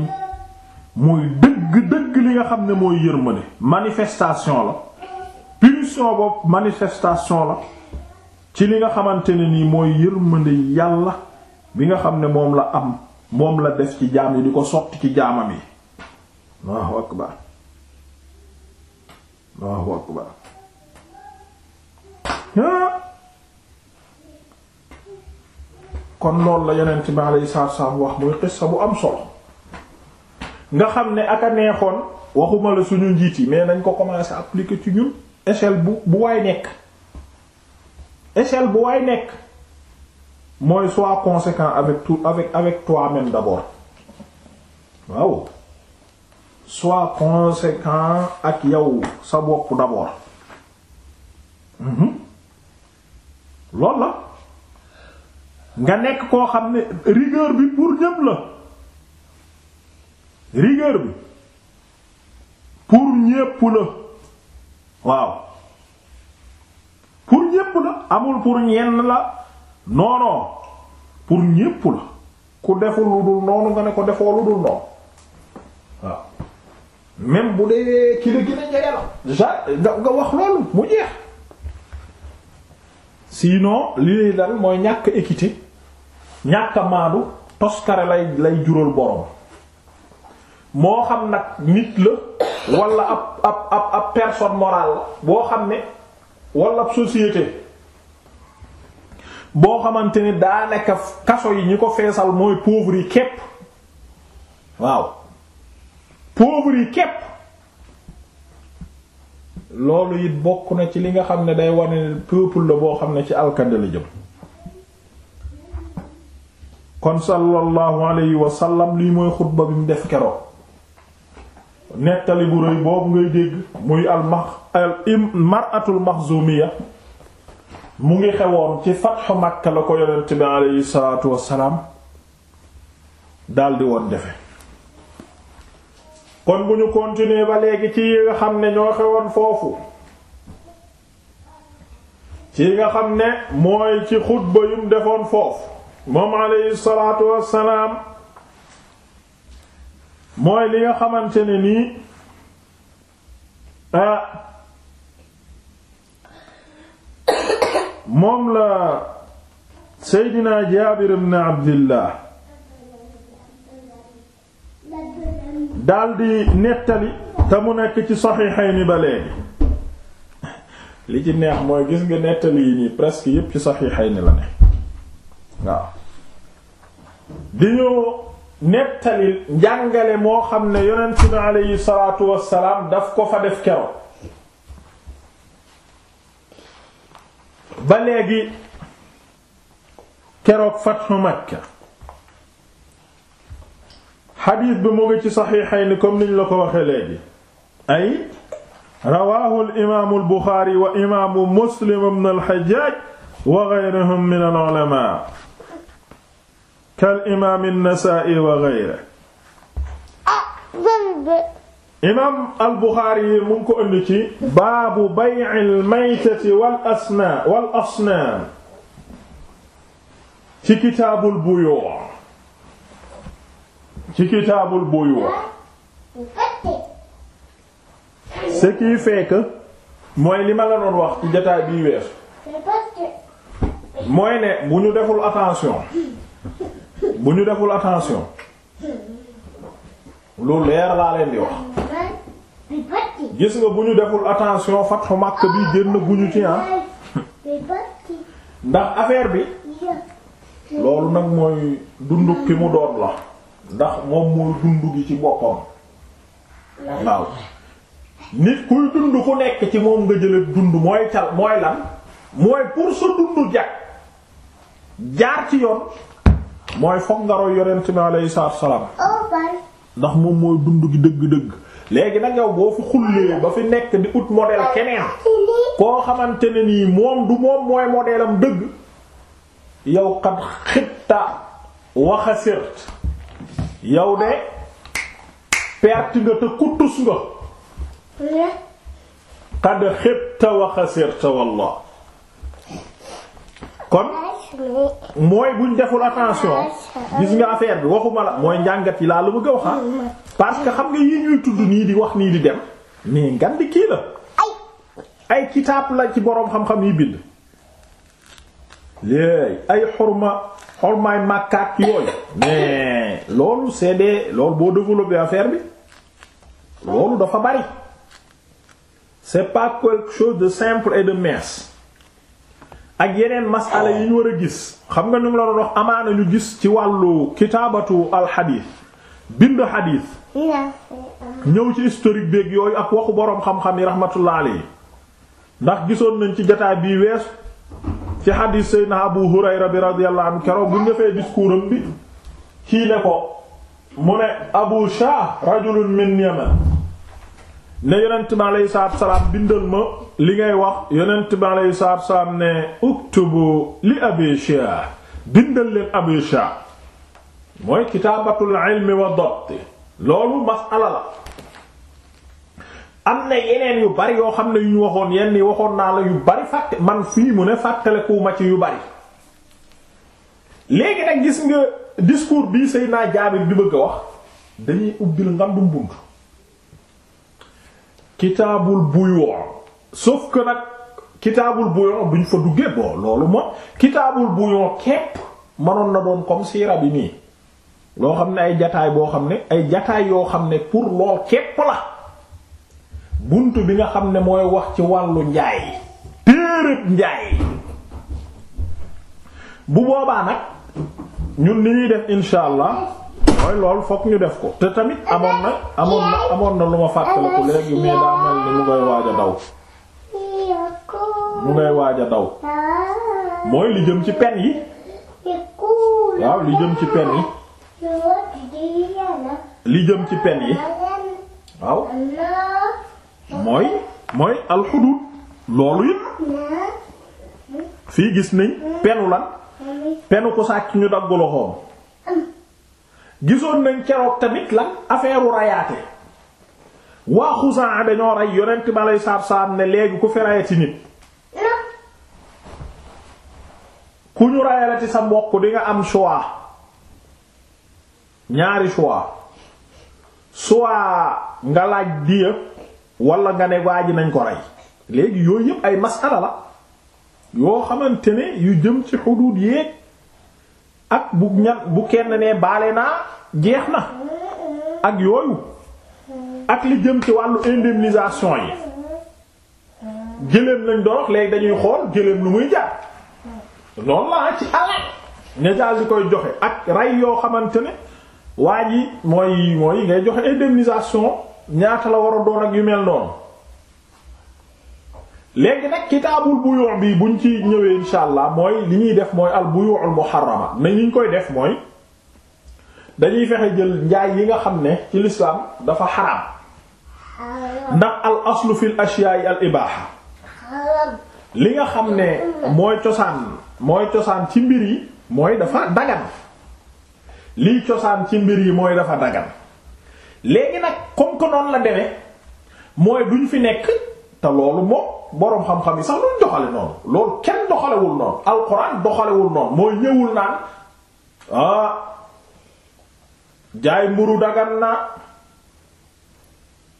mooy dëgg dëgg li nga xam ne mooy yërmande manifestation la punition bopp manifestation la ci li nga xamante ne nii mooy yërmande yàlla bi nga xam ne moom la am moom la def ci jaam yi di ko sotti ci jaamam yi Allahu akbar Allahu akbar ah! kon loolu la yonent bi lay salaatu wassalaam wax muy xissa bu am solo nga xam ne ak a neexoon waxuma la suñu njiit yi mais nañ ko commencer appliquer ci ñun échelle bu bu waay nekk échelle bu waay nekk mooy sois conséquent avec tout avec avec toi-même waaw sois conséquent ak yow sa bopp d'abord mm-hmm. loolu la nga nekk koo xam ne rigueur bi pour ñépp la rigueur bi pour ñépp la waaw pour ñépp la amul pour ñenn la non non pour ñépp la ku deful lu dul noonu nga ne ko defoo lu dul noonu waaw même bu dee ki la gën a jege la ja nga wax loolu mu jeex sinon li dal mooy ñàkk équité ñàkk a maandu toskare lay lay jural borom moo xam nag nit la wala ab ab ab ab personne morale boo xam ne walla ab société boo xamante ne daa nekk kaso yi ñi ko feesal mooy pauvre yi képp waaw pauvre yi képp loolu it bokk na ci li nga xam ne day wane peuple la boo xam ne ci alkande la jëm kon sallallahu alayhi wa sallam lii mooy xutba bi mu def keroog nettali bu rëy boobu ngay dégg muy al max mar'atul maxzumiya mu ngi xewoon ci fatxu Makka la ko yonent bi alayhi salaatu wa salaam daldi woon defe kon bu ñu continuer ba léegi ci yi nga xam ne ñoo xewoon foofu ci nga xam ne mooy ci xutba yum defoon foofu moom alayhi salaatu wassalaam mooy li nga xamante ne nii ah, moom la Seydina Jaabir ibn Abdillah daldi nettali te mu nekk ci saxiixayni ba léegi li ci neex mooy gis nga nettali yi nii presque yépp ci saxiixayni la ne waaw di ñu nettali njàngale moo xam ne yonent bi aleyhi salaatu wassalaam daf ko fa def keroog ba léegi keroog fathu Makka xadiis bi mu ngi ci saxiixayni comme niñ la ko waxe léegi ay rawaahu al imaamu al buxaari wa imaamu muslim ibn al xajjaaj wa geyruhum min al ulamaa kal imaam al nasaa'i wa geyre imaam al buxaari yi mu ngi ko indi ci baabu bay'i al maytati wal asnaam wal asnaam ci kitaabul buyuu' ci kitaabul buyuu ce qui fait mooy li ma la wax ci jotaay bii weesu mooy ne bu ñu deful attention bu ñu deful attention lu leer laa leen di wax gis nga bu ñu deful attention fatxu Makka bi génn guñu ci ah ndax affaire bi loolu nag mooy dundu ki mu doon la ndax moom mooy dund gi ci boppam waaw nit kuy dund ku nekk ci moom nga jële dund mooy cal mooy lan mooy pour sa dund jag jaar ci yoon mooy foog nga roy yonent bi alayhi salaatu wassalaam oh, ndax moom mooy dund gi dëgg-dëgg léegi nag yow boo fi xullee ba fi nekk di ut modèle keneen koo xamante ne nii moom du moom mooy modèle dëgg yow kat xitta waxa sért yow de perte nga te kuttus nga qad xibta wa xasirta wallah kon mooy buñ deful attention gis nga affaire bi waxuma la mooy njàngat yi laa la bëgg a waxa ah. mm, parce que xam nga yi ñuy tudd nii di wax nii di dem mais ngan la ay kitaab la ci boroom xam-xam yi bind léegi ay xurma xormaay màkkaat yooyu mais loolu c'est des loolu boo développé affaire bi loolu dafa bari c'est pas quelque chose de simple et de mince ak yeneen masala yi ñu war a gis xam nga ñu ngi la doon wax amaana ñu gis ci wàllu kitaabatu alxadiis bind xadiis ñëw ci historique beeg yooyu ak waxu boroom xam-xam yi rahmatullah alayhi ndax gisoon nañ ci jotaay bii weesu ci xadiis Seydina Abu Hurayra bi radiyallahu anhu keroog bi nga fee discours am bi kii ne ko mu ne Abu Shah rajulun min Yaman ne yonent bi salaam bindal ma li ngay wax yonent bi aleyhi salaatu salaam ne uktubu li Abi Shah bindal leen Abi Shah mooy kitaabatul ilmi wa dabt loolu masala la am na yeneen yu bari yoo xam ne yu ñu waxoon yenn yi waxoon naa la yu bari fàtte man fii mu ne fàttalekuuma ci yu bari léegi nag gis nga discours bii Seydina Jaabir bi bëgg a wax dañuy ubbil ngandum bunt kitaabul buyu sauf que nag kitaabul buyu duñ fa duggee boo loolu moom kitaabul buyu képp mënoon na doon comme siira bi nii loo xam ne ay jataay boo xam ne ay jataay yoo xam ne pour lool képp la buntu bi nga xam ne mooy wax ci wàllu njaay téereeb njaay bu boobaa nag ñun li ñuy def insha allah mooy lool fokk ñu def ko te tamit amoon na amoon na amoon na lu ma fàttaliku léegi mais daa mel ni mu ngay waaj a daw mu ngay waaj daw mooy li jëm ci pen yi waaw li jëm ci pen yi li jëm ci pen yi waaw mooy mooy alxudud loolu it fii gis nañ penu lan penu ko sàcc ñu dagg loxoom gisoon nañ keroog tamit lan affaire u rayaate waa Xusaa dañoo rey yonent ba saab saab ne léegi ku fi rayati nit ku ñu ci sa mbokk di nga am choix ñaari choix soit nga laaj diya wala nga ne waa ji nañ ko rey léegi yooyu yëpp ay masala la yoo xamante ne yu jëm ci xuduud yéeg ak bu ña bu kenn ne baale naa jeex na ak yooyu ak li jëm ci wàllu indemnisation yi gëléem nañ doon léegi dañuy xool gëléem lu muy jar loolu la ci alal nga daal koy joxe ak rey yoo xamante ne waa ji mooy mooy ngay joxe indemnisation ñaata la war a doon ak yu mel noonu léegi nag kitaabul buyu' bi buñ ci ñëwee insha allah mooy li ñuy def mooy al buyu'ul muharrama mais ñu koy def mooy dañuy fexe jël njaay yi nga xam ne ci lislaam dafa xaraam ndax al aslu fil ashyaa'i al ibaaha li nga xam ne mooy cosaan mooy cosaan ci mbir yi mooy dafa dagan lii cosaan ci mbir yi mooy dafa dagan léegi nag comme que noonu la deme mooy duñ fi nekk te loolu moom boroom xam-xam yi sax duñ doxale noonu loolu kenn doxalewul noonu alxuraan doxalewul noonu mooy ñëwul naan ah mburu dagan na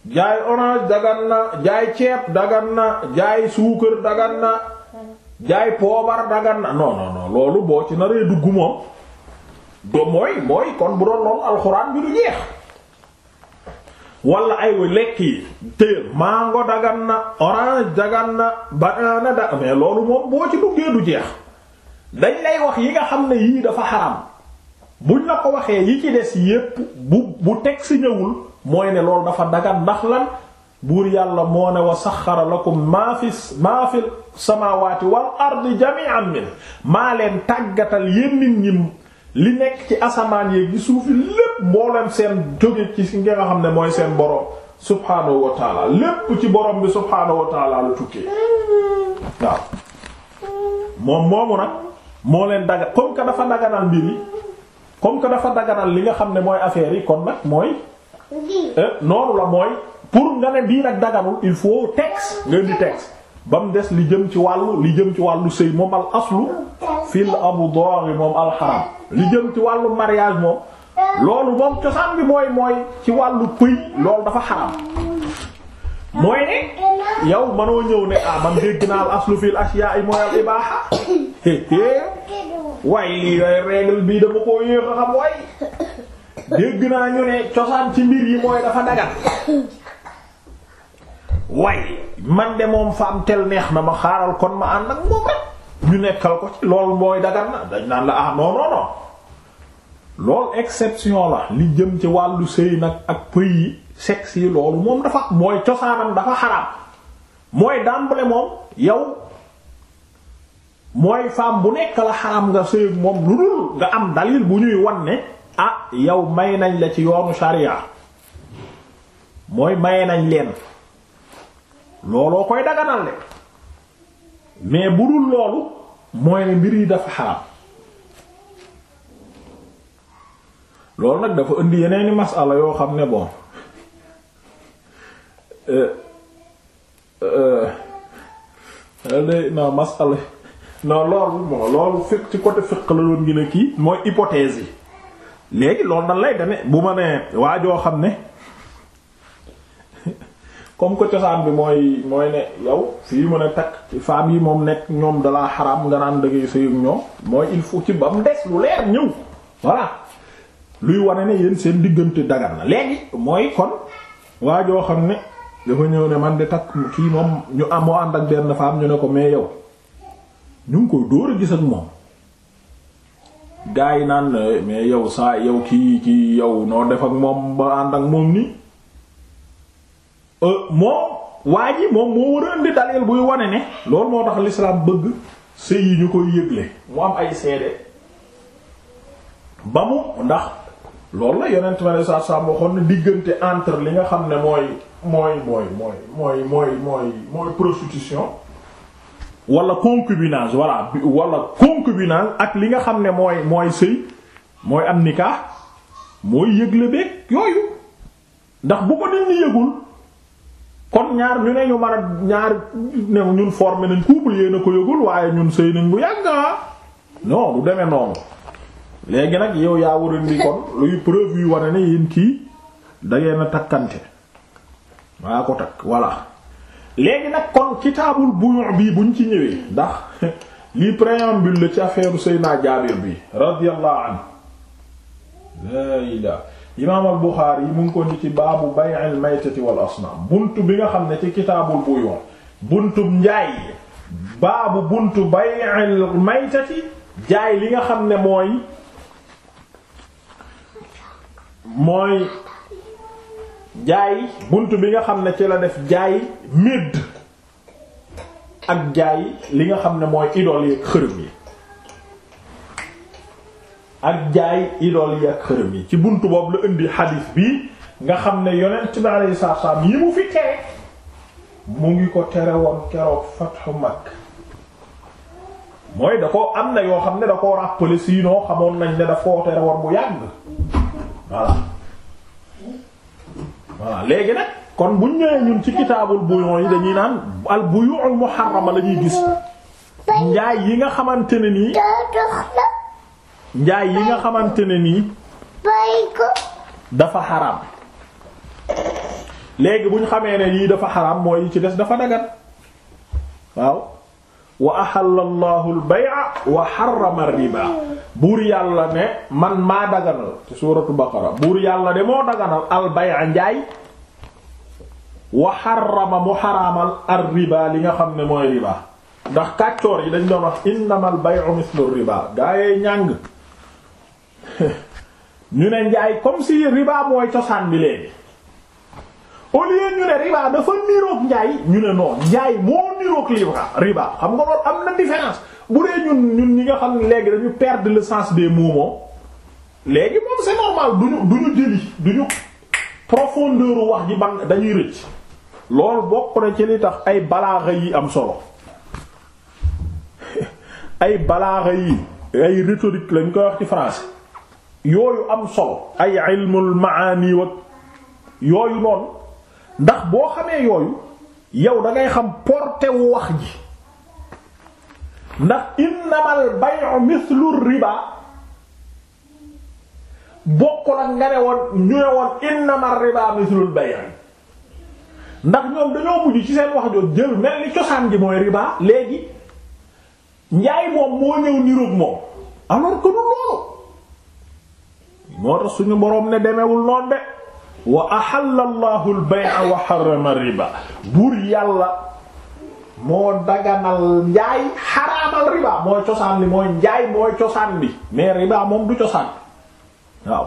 jaay orange dagan jaay ceeb dagan na jaay suukar dagan na jaay poobar dagan na non mooy kon bu doon loolu alxuraan bi du jeex wala ay lekk yi téyal mango dagan na orange dagan na banana da mais loolu moom boo ci duggee du jeex dañ lay wax yi nga xam ne yii dafa xaram buñ la ko waxee yi ci des yépp bu bu teg si ñëwul mooy ne loolu dafa dagan ndax lan buur yàlla moo ne wa saxara lakum maa fi maa fi samawati wal ardi jami'an min maa leen tàggatal yéen nit li nekk ci asamaan yeeg ci suuf lépp mboolem seen jóge ci si nga xam ne mooy seen borom subhaanahu wa lépp ci borom bi subhaanahu wa taala lu tukkee waaw moom moomu nag moo leen daga comme que dafa daganal mbir yi comme que dafa daganal li nga xam ne mooy affaire yi kon nag mooy eh, noonu la mooy pour nga ne bii nag daganul il faut texte nga di texte ba mu des li jëm ci wàllu li jëm ci wàllu sëy moom al aslu fil abu dori moom al haram li jëm ci wàllu mariage moom loolu moom cosaan bi mooy mooy ci wàllu pëy loolu dafa xaram mooy ne yow mënoo ñëw ne ah man dégg naa al aslu fil ashiya'i mooy al ibaha waaye bii dama koo yéex a xam waaye dégg naa ñu ne cosaan ci mbir yi mooy dafa dagan waaye man de moom fa am tel neex na ma xaaral kon ma ànd ak moom rek ñu nekkal ko ci loolu mooy dagar na dañ naan la ah non non non loolu exception la li jëm ci wàllu sëy nag ak pëy yi sexe loolu moom dafa mooy cosaanam dafa xaraam mooy dàmbale moom yow mooy femme bu nekk la xaraam nga sëy moom lu dul nga am dalil bu ñuy wan ne ah yow may nañ la ci yoonu sharia mooy maye nañ leen looloo koy daganal de mais bu dul loolu mooy ne mbir yi dafa xaraam loolu nag dafa indi yeneeni masala yoo xam ne bon euh, euh, lé non masala non loolu moo loolu fiq ci côté fiq la doon gën a kii mooy hypothèse yi léegi loolu nan lay deme bu ma nee waa joo xam ne comme que cosaan bi mooy mooy ne yow fii mu ne takk femme yi moom nekk ñoom dalaa xaraam nga naan dëggee sëy ak ñoom mooy il faut ci ba mu des lu leer ñëw voilà luy wane ne yéen seen diggante dagan na léegi mooy kon waa joo xam ne dafa ñëw ne man de takk kii moom ñu amoo ànd ak benn femme ñu ne ko mais yow ñu ngi koy dóor a gis ak moom gars yi naan mais yow saa yow kii ci yow noo def ak moom ba ànd ak moom nii Euh, moom waa ji moom moo war a indi dalil buy wane ne loolu moo tax l'islam bëgg sëy yi ñu koy yëgle mu am ay seede ba mu ndax loolu la yonent ma ne saa saa waxoon na diggante entre li nga xam ne mooy mooy mooy mooy mooy mooy mooy mooy prostitution wala concubinage voilà wala ak li nga xam ne mooy mooy sëy mooy am nikah mooy yëgle beeg yooyu ndax bu ko nit yëgul. kon ñaar ñu ne ñu mën a ñaar ne ñun formé nañ couple yéen a ko yëgul waaye ñun sëy nañ bu yàgg ah. non du demee noonu léegi nag yow yaa war a indi kon luy preuve yu wane ne yéen kii dangeen a takkante waa ko takk voilà. léegi nag kon kitaabul buyu bii buñ ci ñëwee ndax lii préambule la ci affaire sëy Jaabir bi radiyallahu anhu la imaam al yi mu ngi ko di ci baabu bay'il maytati wal asnaam buntu bi nga xam ne ci kitaabul buyuun buntu njaay baabu buntu bay'il maytati jaay li nga xam ne mooy mooy jaay buntu bi nga xam ne ci la def jaay midd ak jaay li nga xam ne mooy idol yi xërëm yi ak jaay idool yi ak xërëm yi ci bunt boobu la indi xadiis bi nga xam ne yonent bi alayhi salaatu salaam yi mu fi tere mu ngi ko tere woon keroog fatxu Makka mooy da ko am na yoo xam ne da koo rappelé sinon xamoon nañ ne daf koo tere woon bu yàgg voilà voilà léegi nag kon buñ ñëwee ñun ci kitaabul buyuun yi dañuy naan al buyuun muharrama la ñuy gis njaay yi nga xamante ne nii njaay yi nga xamante ne nii dafa xaram léegi bu ñu xamee ne yii dafa xaraam mooy yi ci des dafa dagan waaw wa axalla allahu al wa xarama riba buur yàlla ne man maa daganal ci suuratu baqara buur yàlla de moo daganal al njaay wa xarama mu xaraamal ar-riba li nga xam ne mooy riba ndax kàccoor yi dañ doon wax innamal bay'u mithlu riba gaa yee ñàng ñu ne njaay comme si riba mooy cosaan bi léegi au ñu ne riba dafa niroog njaay ñu ne noonu njaay moo niroog livra riba xam nga loolu am na différence bu dee ñun ñun ñi nga xam ne léegi dañu perdre le sens des mots moom léegi moom c'est normal duñu duñu jëli duñu profondeur wax ji ban dañuy rëcc loolu bokk na ci li tax ay balaaxa yi am solo ay balaaxa yi ay rhétorique lañ koy wax ci france yooyu am solo ay ilmul maani wa yooyu noonu ndax boo xamee yooyu yow da ngay xam porté wu wax ji ndax innamal bay'u mithlu riba bokkul ak nga ne woon ñu ne woon innamal riba mithlul bay'i ndax ñoom dañoo mujj ci seen wax jooju jël mel ni cosaan gi mooy riba léegi njaay moom moo ñëw niroog moom alors que du loolu moo tax suñu moroom ne demewul noon de wa ahalla allahu al-bay'a wa harrama riba buur yàlla moo daganal njaay xaraamal riba cosaan bi mooy njaay cosaan bi mais riba moom du cosaan waaw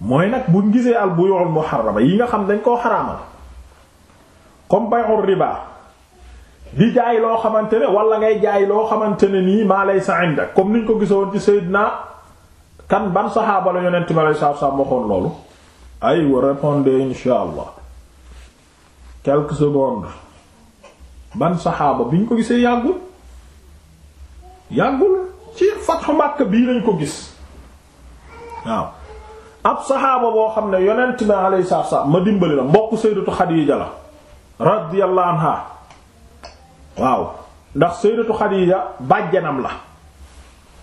mooy nag buñ gisee al buyu'ul muharrama yi nga xam dañ koo xaraamal comme bay'ur riba di jaay loo xamante ne wala ngay jaay loo xamante ne nii maa laysa indak comme niñ ko gisoon ci naa kan ban saxaaba la yonent bi aleyhi salaatu salaam waxoon loolu ay wa répondez insha allah quelques secondes ban saxaaba bi ñu ko gisee yàggul yàggul ci fatxu Makka bii lañ ko gis waaw ab saxaaba boo xam ne yonent bi aleyhi salaatu salaam ma dimbali la mbokk sayyidatu Xadiija la radiyallahu anha waaw ndax sayyidatu Xadiija bàjjanam la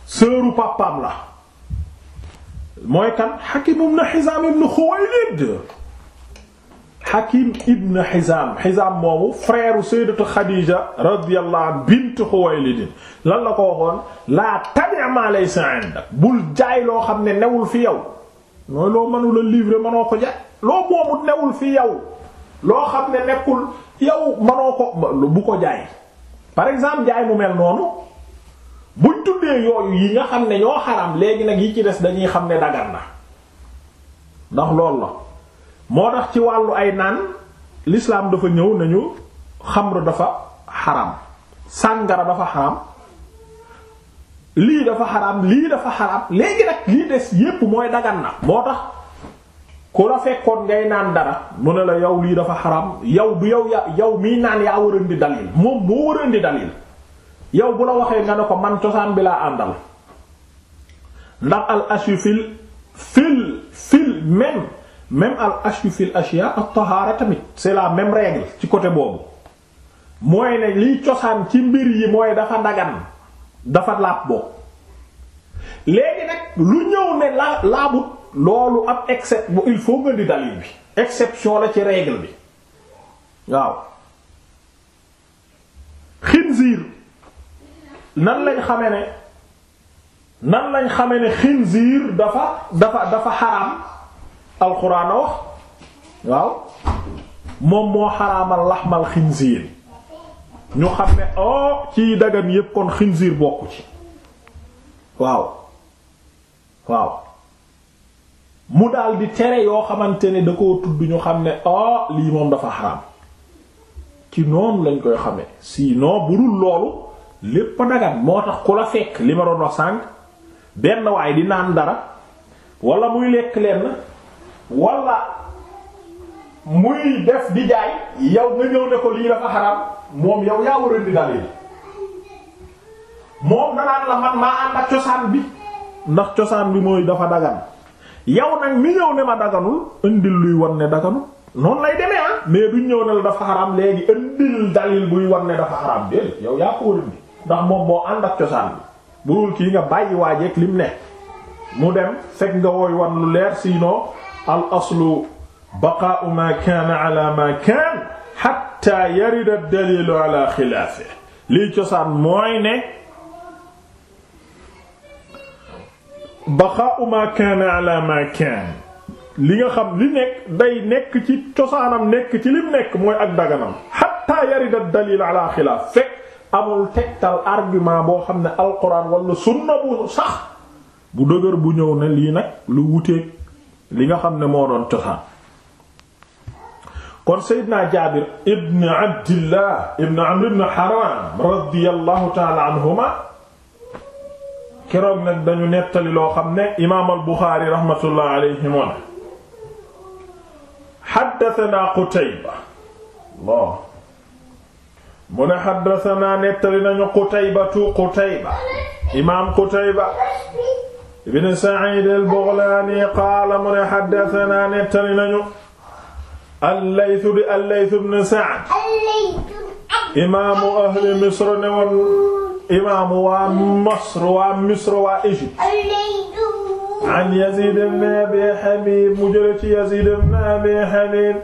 sœuru papaam la mooy kan Hakim ibn Hizam ibn Khuwaylid Hakim ibn Hizam Hizam moomu frère sayyidatu Khadija radiyallahu anha bint Khuwaylid lan la ko waxoon laa tabi' ma laysa indak bul jaay loo xam ne newul fi yow mooy loo mënula livrer mënoo ko jaay loo moomu newul fi yow loo xam ne nekkul yow mënoo ko jaay par exemple jaay mu mel noonu buñ tuddee yooyu yi nga xam ne yoo xaram léegi nag yi ci des dañuy xam ne dagan na ndax loolu la moo tax ci wàllu ay naan lislaam dafa ñëw nañu xamru dafa xaram sàngara dafa xaram lii dafa xaram lii dafa xaram léegi nag lii des yépp mooy dagan na moo tax ku la fekkoon ngay naan dara mu ne la yow lii dafa xaram yow du yow ya yow miy naan yaa war a indi dalil moom moo war a yow bu la waxee nga ne ko man cosaan bi laa àndal ndax al ashu fil fil fil même même al ashu fil ashiya at tahara tamit c'est la même règle ci côté boobu mooy ne liy cosaan ci mbir yi mooy dafa ndagan dafa laab boobu léegi nag lu ñëw ne laa laabut loolu ab excès bu il faut nga di dalil bi exception la ci règle bi waaw xinziir nan lañ xame ne nan lañ xame ne xinziir dafa dafa dafa xaraam alxuraan a wax waaw moom moo xaraamal laxmal xinziir ñu xam ne oh ciy dagan yépp kon xinziir bokku ci waaw waaw mu daal di tere yoo xamante ne da koo tudd ñu xam ne oh lii moom dafa xaraam ci noonu lañ koy xame sinon burul loolu lépp dagan moo tax ku la fekk li ma doon wax sànq benn waay di naan dara wala muy lekk lenn wala muy def di jaay yow nga ñëw ne ko lii dafa xaram moom yow yaa war a indi moom danaan la man maa ànd ak cosaan bi ndax cosaan bi mooy dafa dagan yow nag mi ñëw ne ma daganul indil luy wan ne daganul noonu lay demee ah mais du ñëw ne la dafa xaram léegi indil dalil buy wan ne dafa xaram déedéet yow yaa ko war a ndax moom moo ànd ak cosaan bi bu dul kii nga bàyyi waajeeg lim ne mu dem fekk nga woy wan lu leer sinon al aslu baqaa'u ma kaana cosaan mooy ne baqaa'u li nga xam li nekk day nekk ci cosaanam nekk ci lim nekk mooy ak daganam hatta yarida dalilu ala xilaafe amul tegtal argument boo xam ne alquran wala sunna bu sax bu dëgër bu ñëw ne lii nag lu wuteeg li nga xam ne moo doon cosaan kon Seydina Jaabir ibn Abdillah ibn Amr ibn Haram radiyallahu ta'ala anhuma keroog nag dañu nettali loo xam ne imaam al Buxaari rahmatullah alayhi wa haddathana mu ne xaddasanaa nettali nañu Qutaybatu Qutayba imaam Qutayba ibn Sa'id al-Baghlani qaala mu ne xaddasanaa nettali nañu al-Layth di al-Layth ibn Sa'd imaamu ahli Misr ne woon imaamu waa Misr waa Misr waa Égypte an Yazid ibn Abi Habib mu jële ci Yazid ibn Abi Habib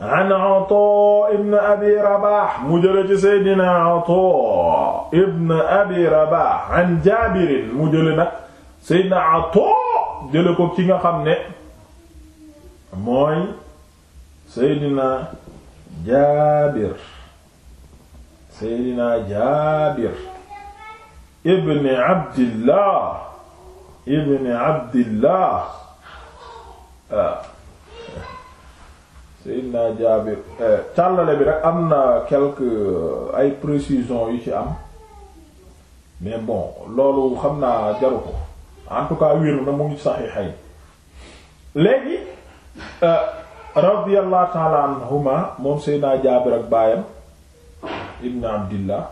an Ataa ibn Abi Rabaax mu jële ci Seydina Ataa ibn Abi Rabaax an Jaabir mu jële nag Seydina Ataa jële ko ci nga xam ne mooy Seydina Jaabir Seydina Jaabir ibn Abdillah ibn Abdillah ah. Seydina Jaabir eh, càllale bi rek am na quelques euh, ay précisions yu ci am mais bon loolu xam naa jaru ko en tout cas wéru na mu ngi saxiixay léegi euh, radiyallahu ta'ala anhuma moom Seydina Jaabir ak baayam ibn Abdillah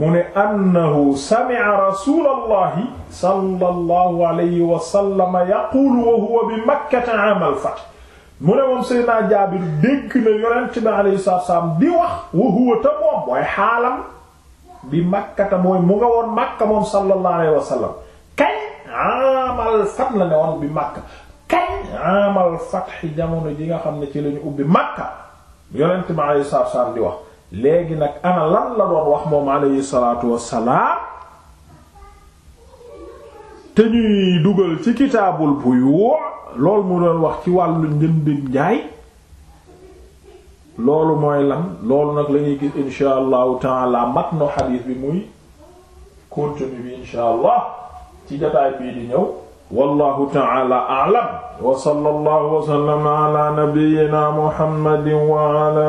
mu ne annahu sami'a rasulallahi sallallahu alayhi wa sallam wa huwa bi makkata 'amal fath mu ne moom Seydina Jaabir dégg na yonent bi alayhi salaatu salaam di wax wa huwa te moom mooy xaalam bi makkata mooy mu nga woon makka moom sallallahu alayhi wa sallam kañ amal fat ne woon bi makka kañ amal fatxi jamono ji nga xam ne ci lañu ubbi makka yonent bi alayhi salaatu salaam di wax léegi nag ana lan la doon wax moom alayhi salaatu wa salaam te ñuy dugal ci kitaabul buy woo loolu mu doon wax ci wàllu njënd jaay loolu mooy lan loolu nag lañuy gis insha allahu taala matnu xadiis bi muy contenu bi insha allah ci jotaay bii ñëw wallahu taala a'lam wa sallallahu wa sallama ala nabiyyina muhammadin wa ala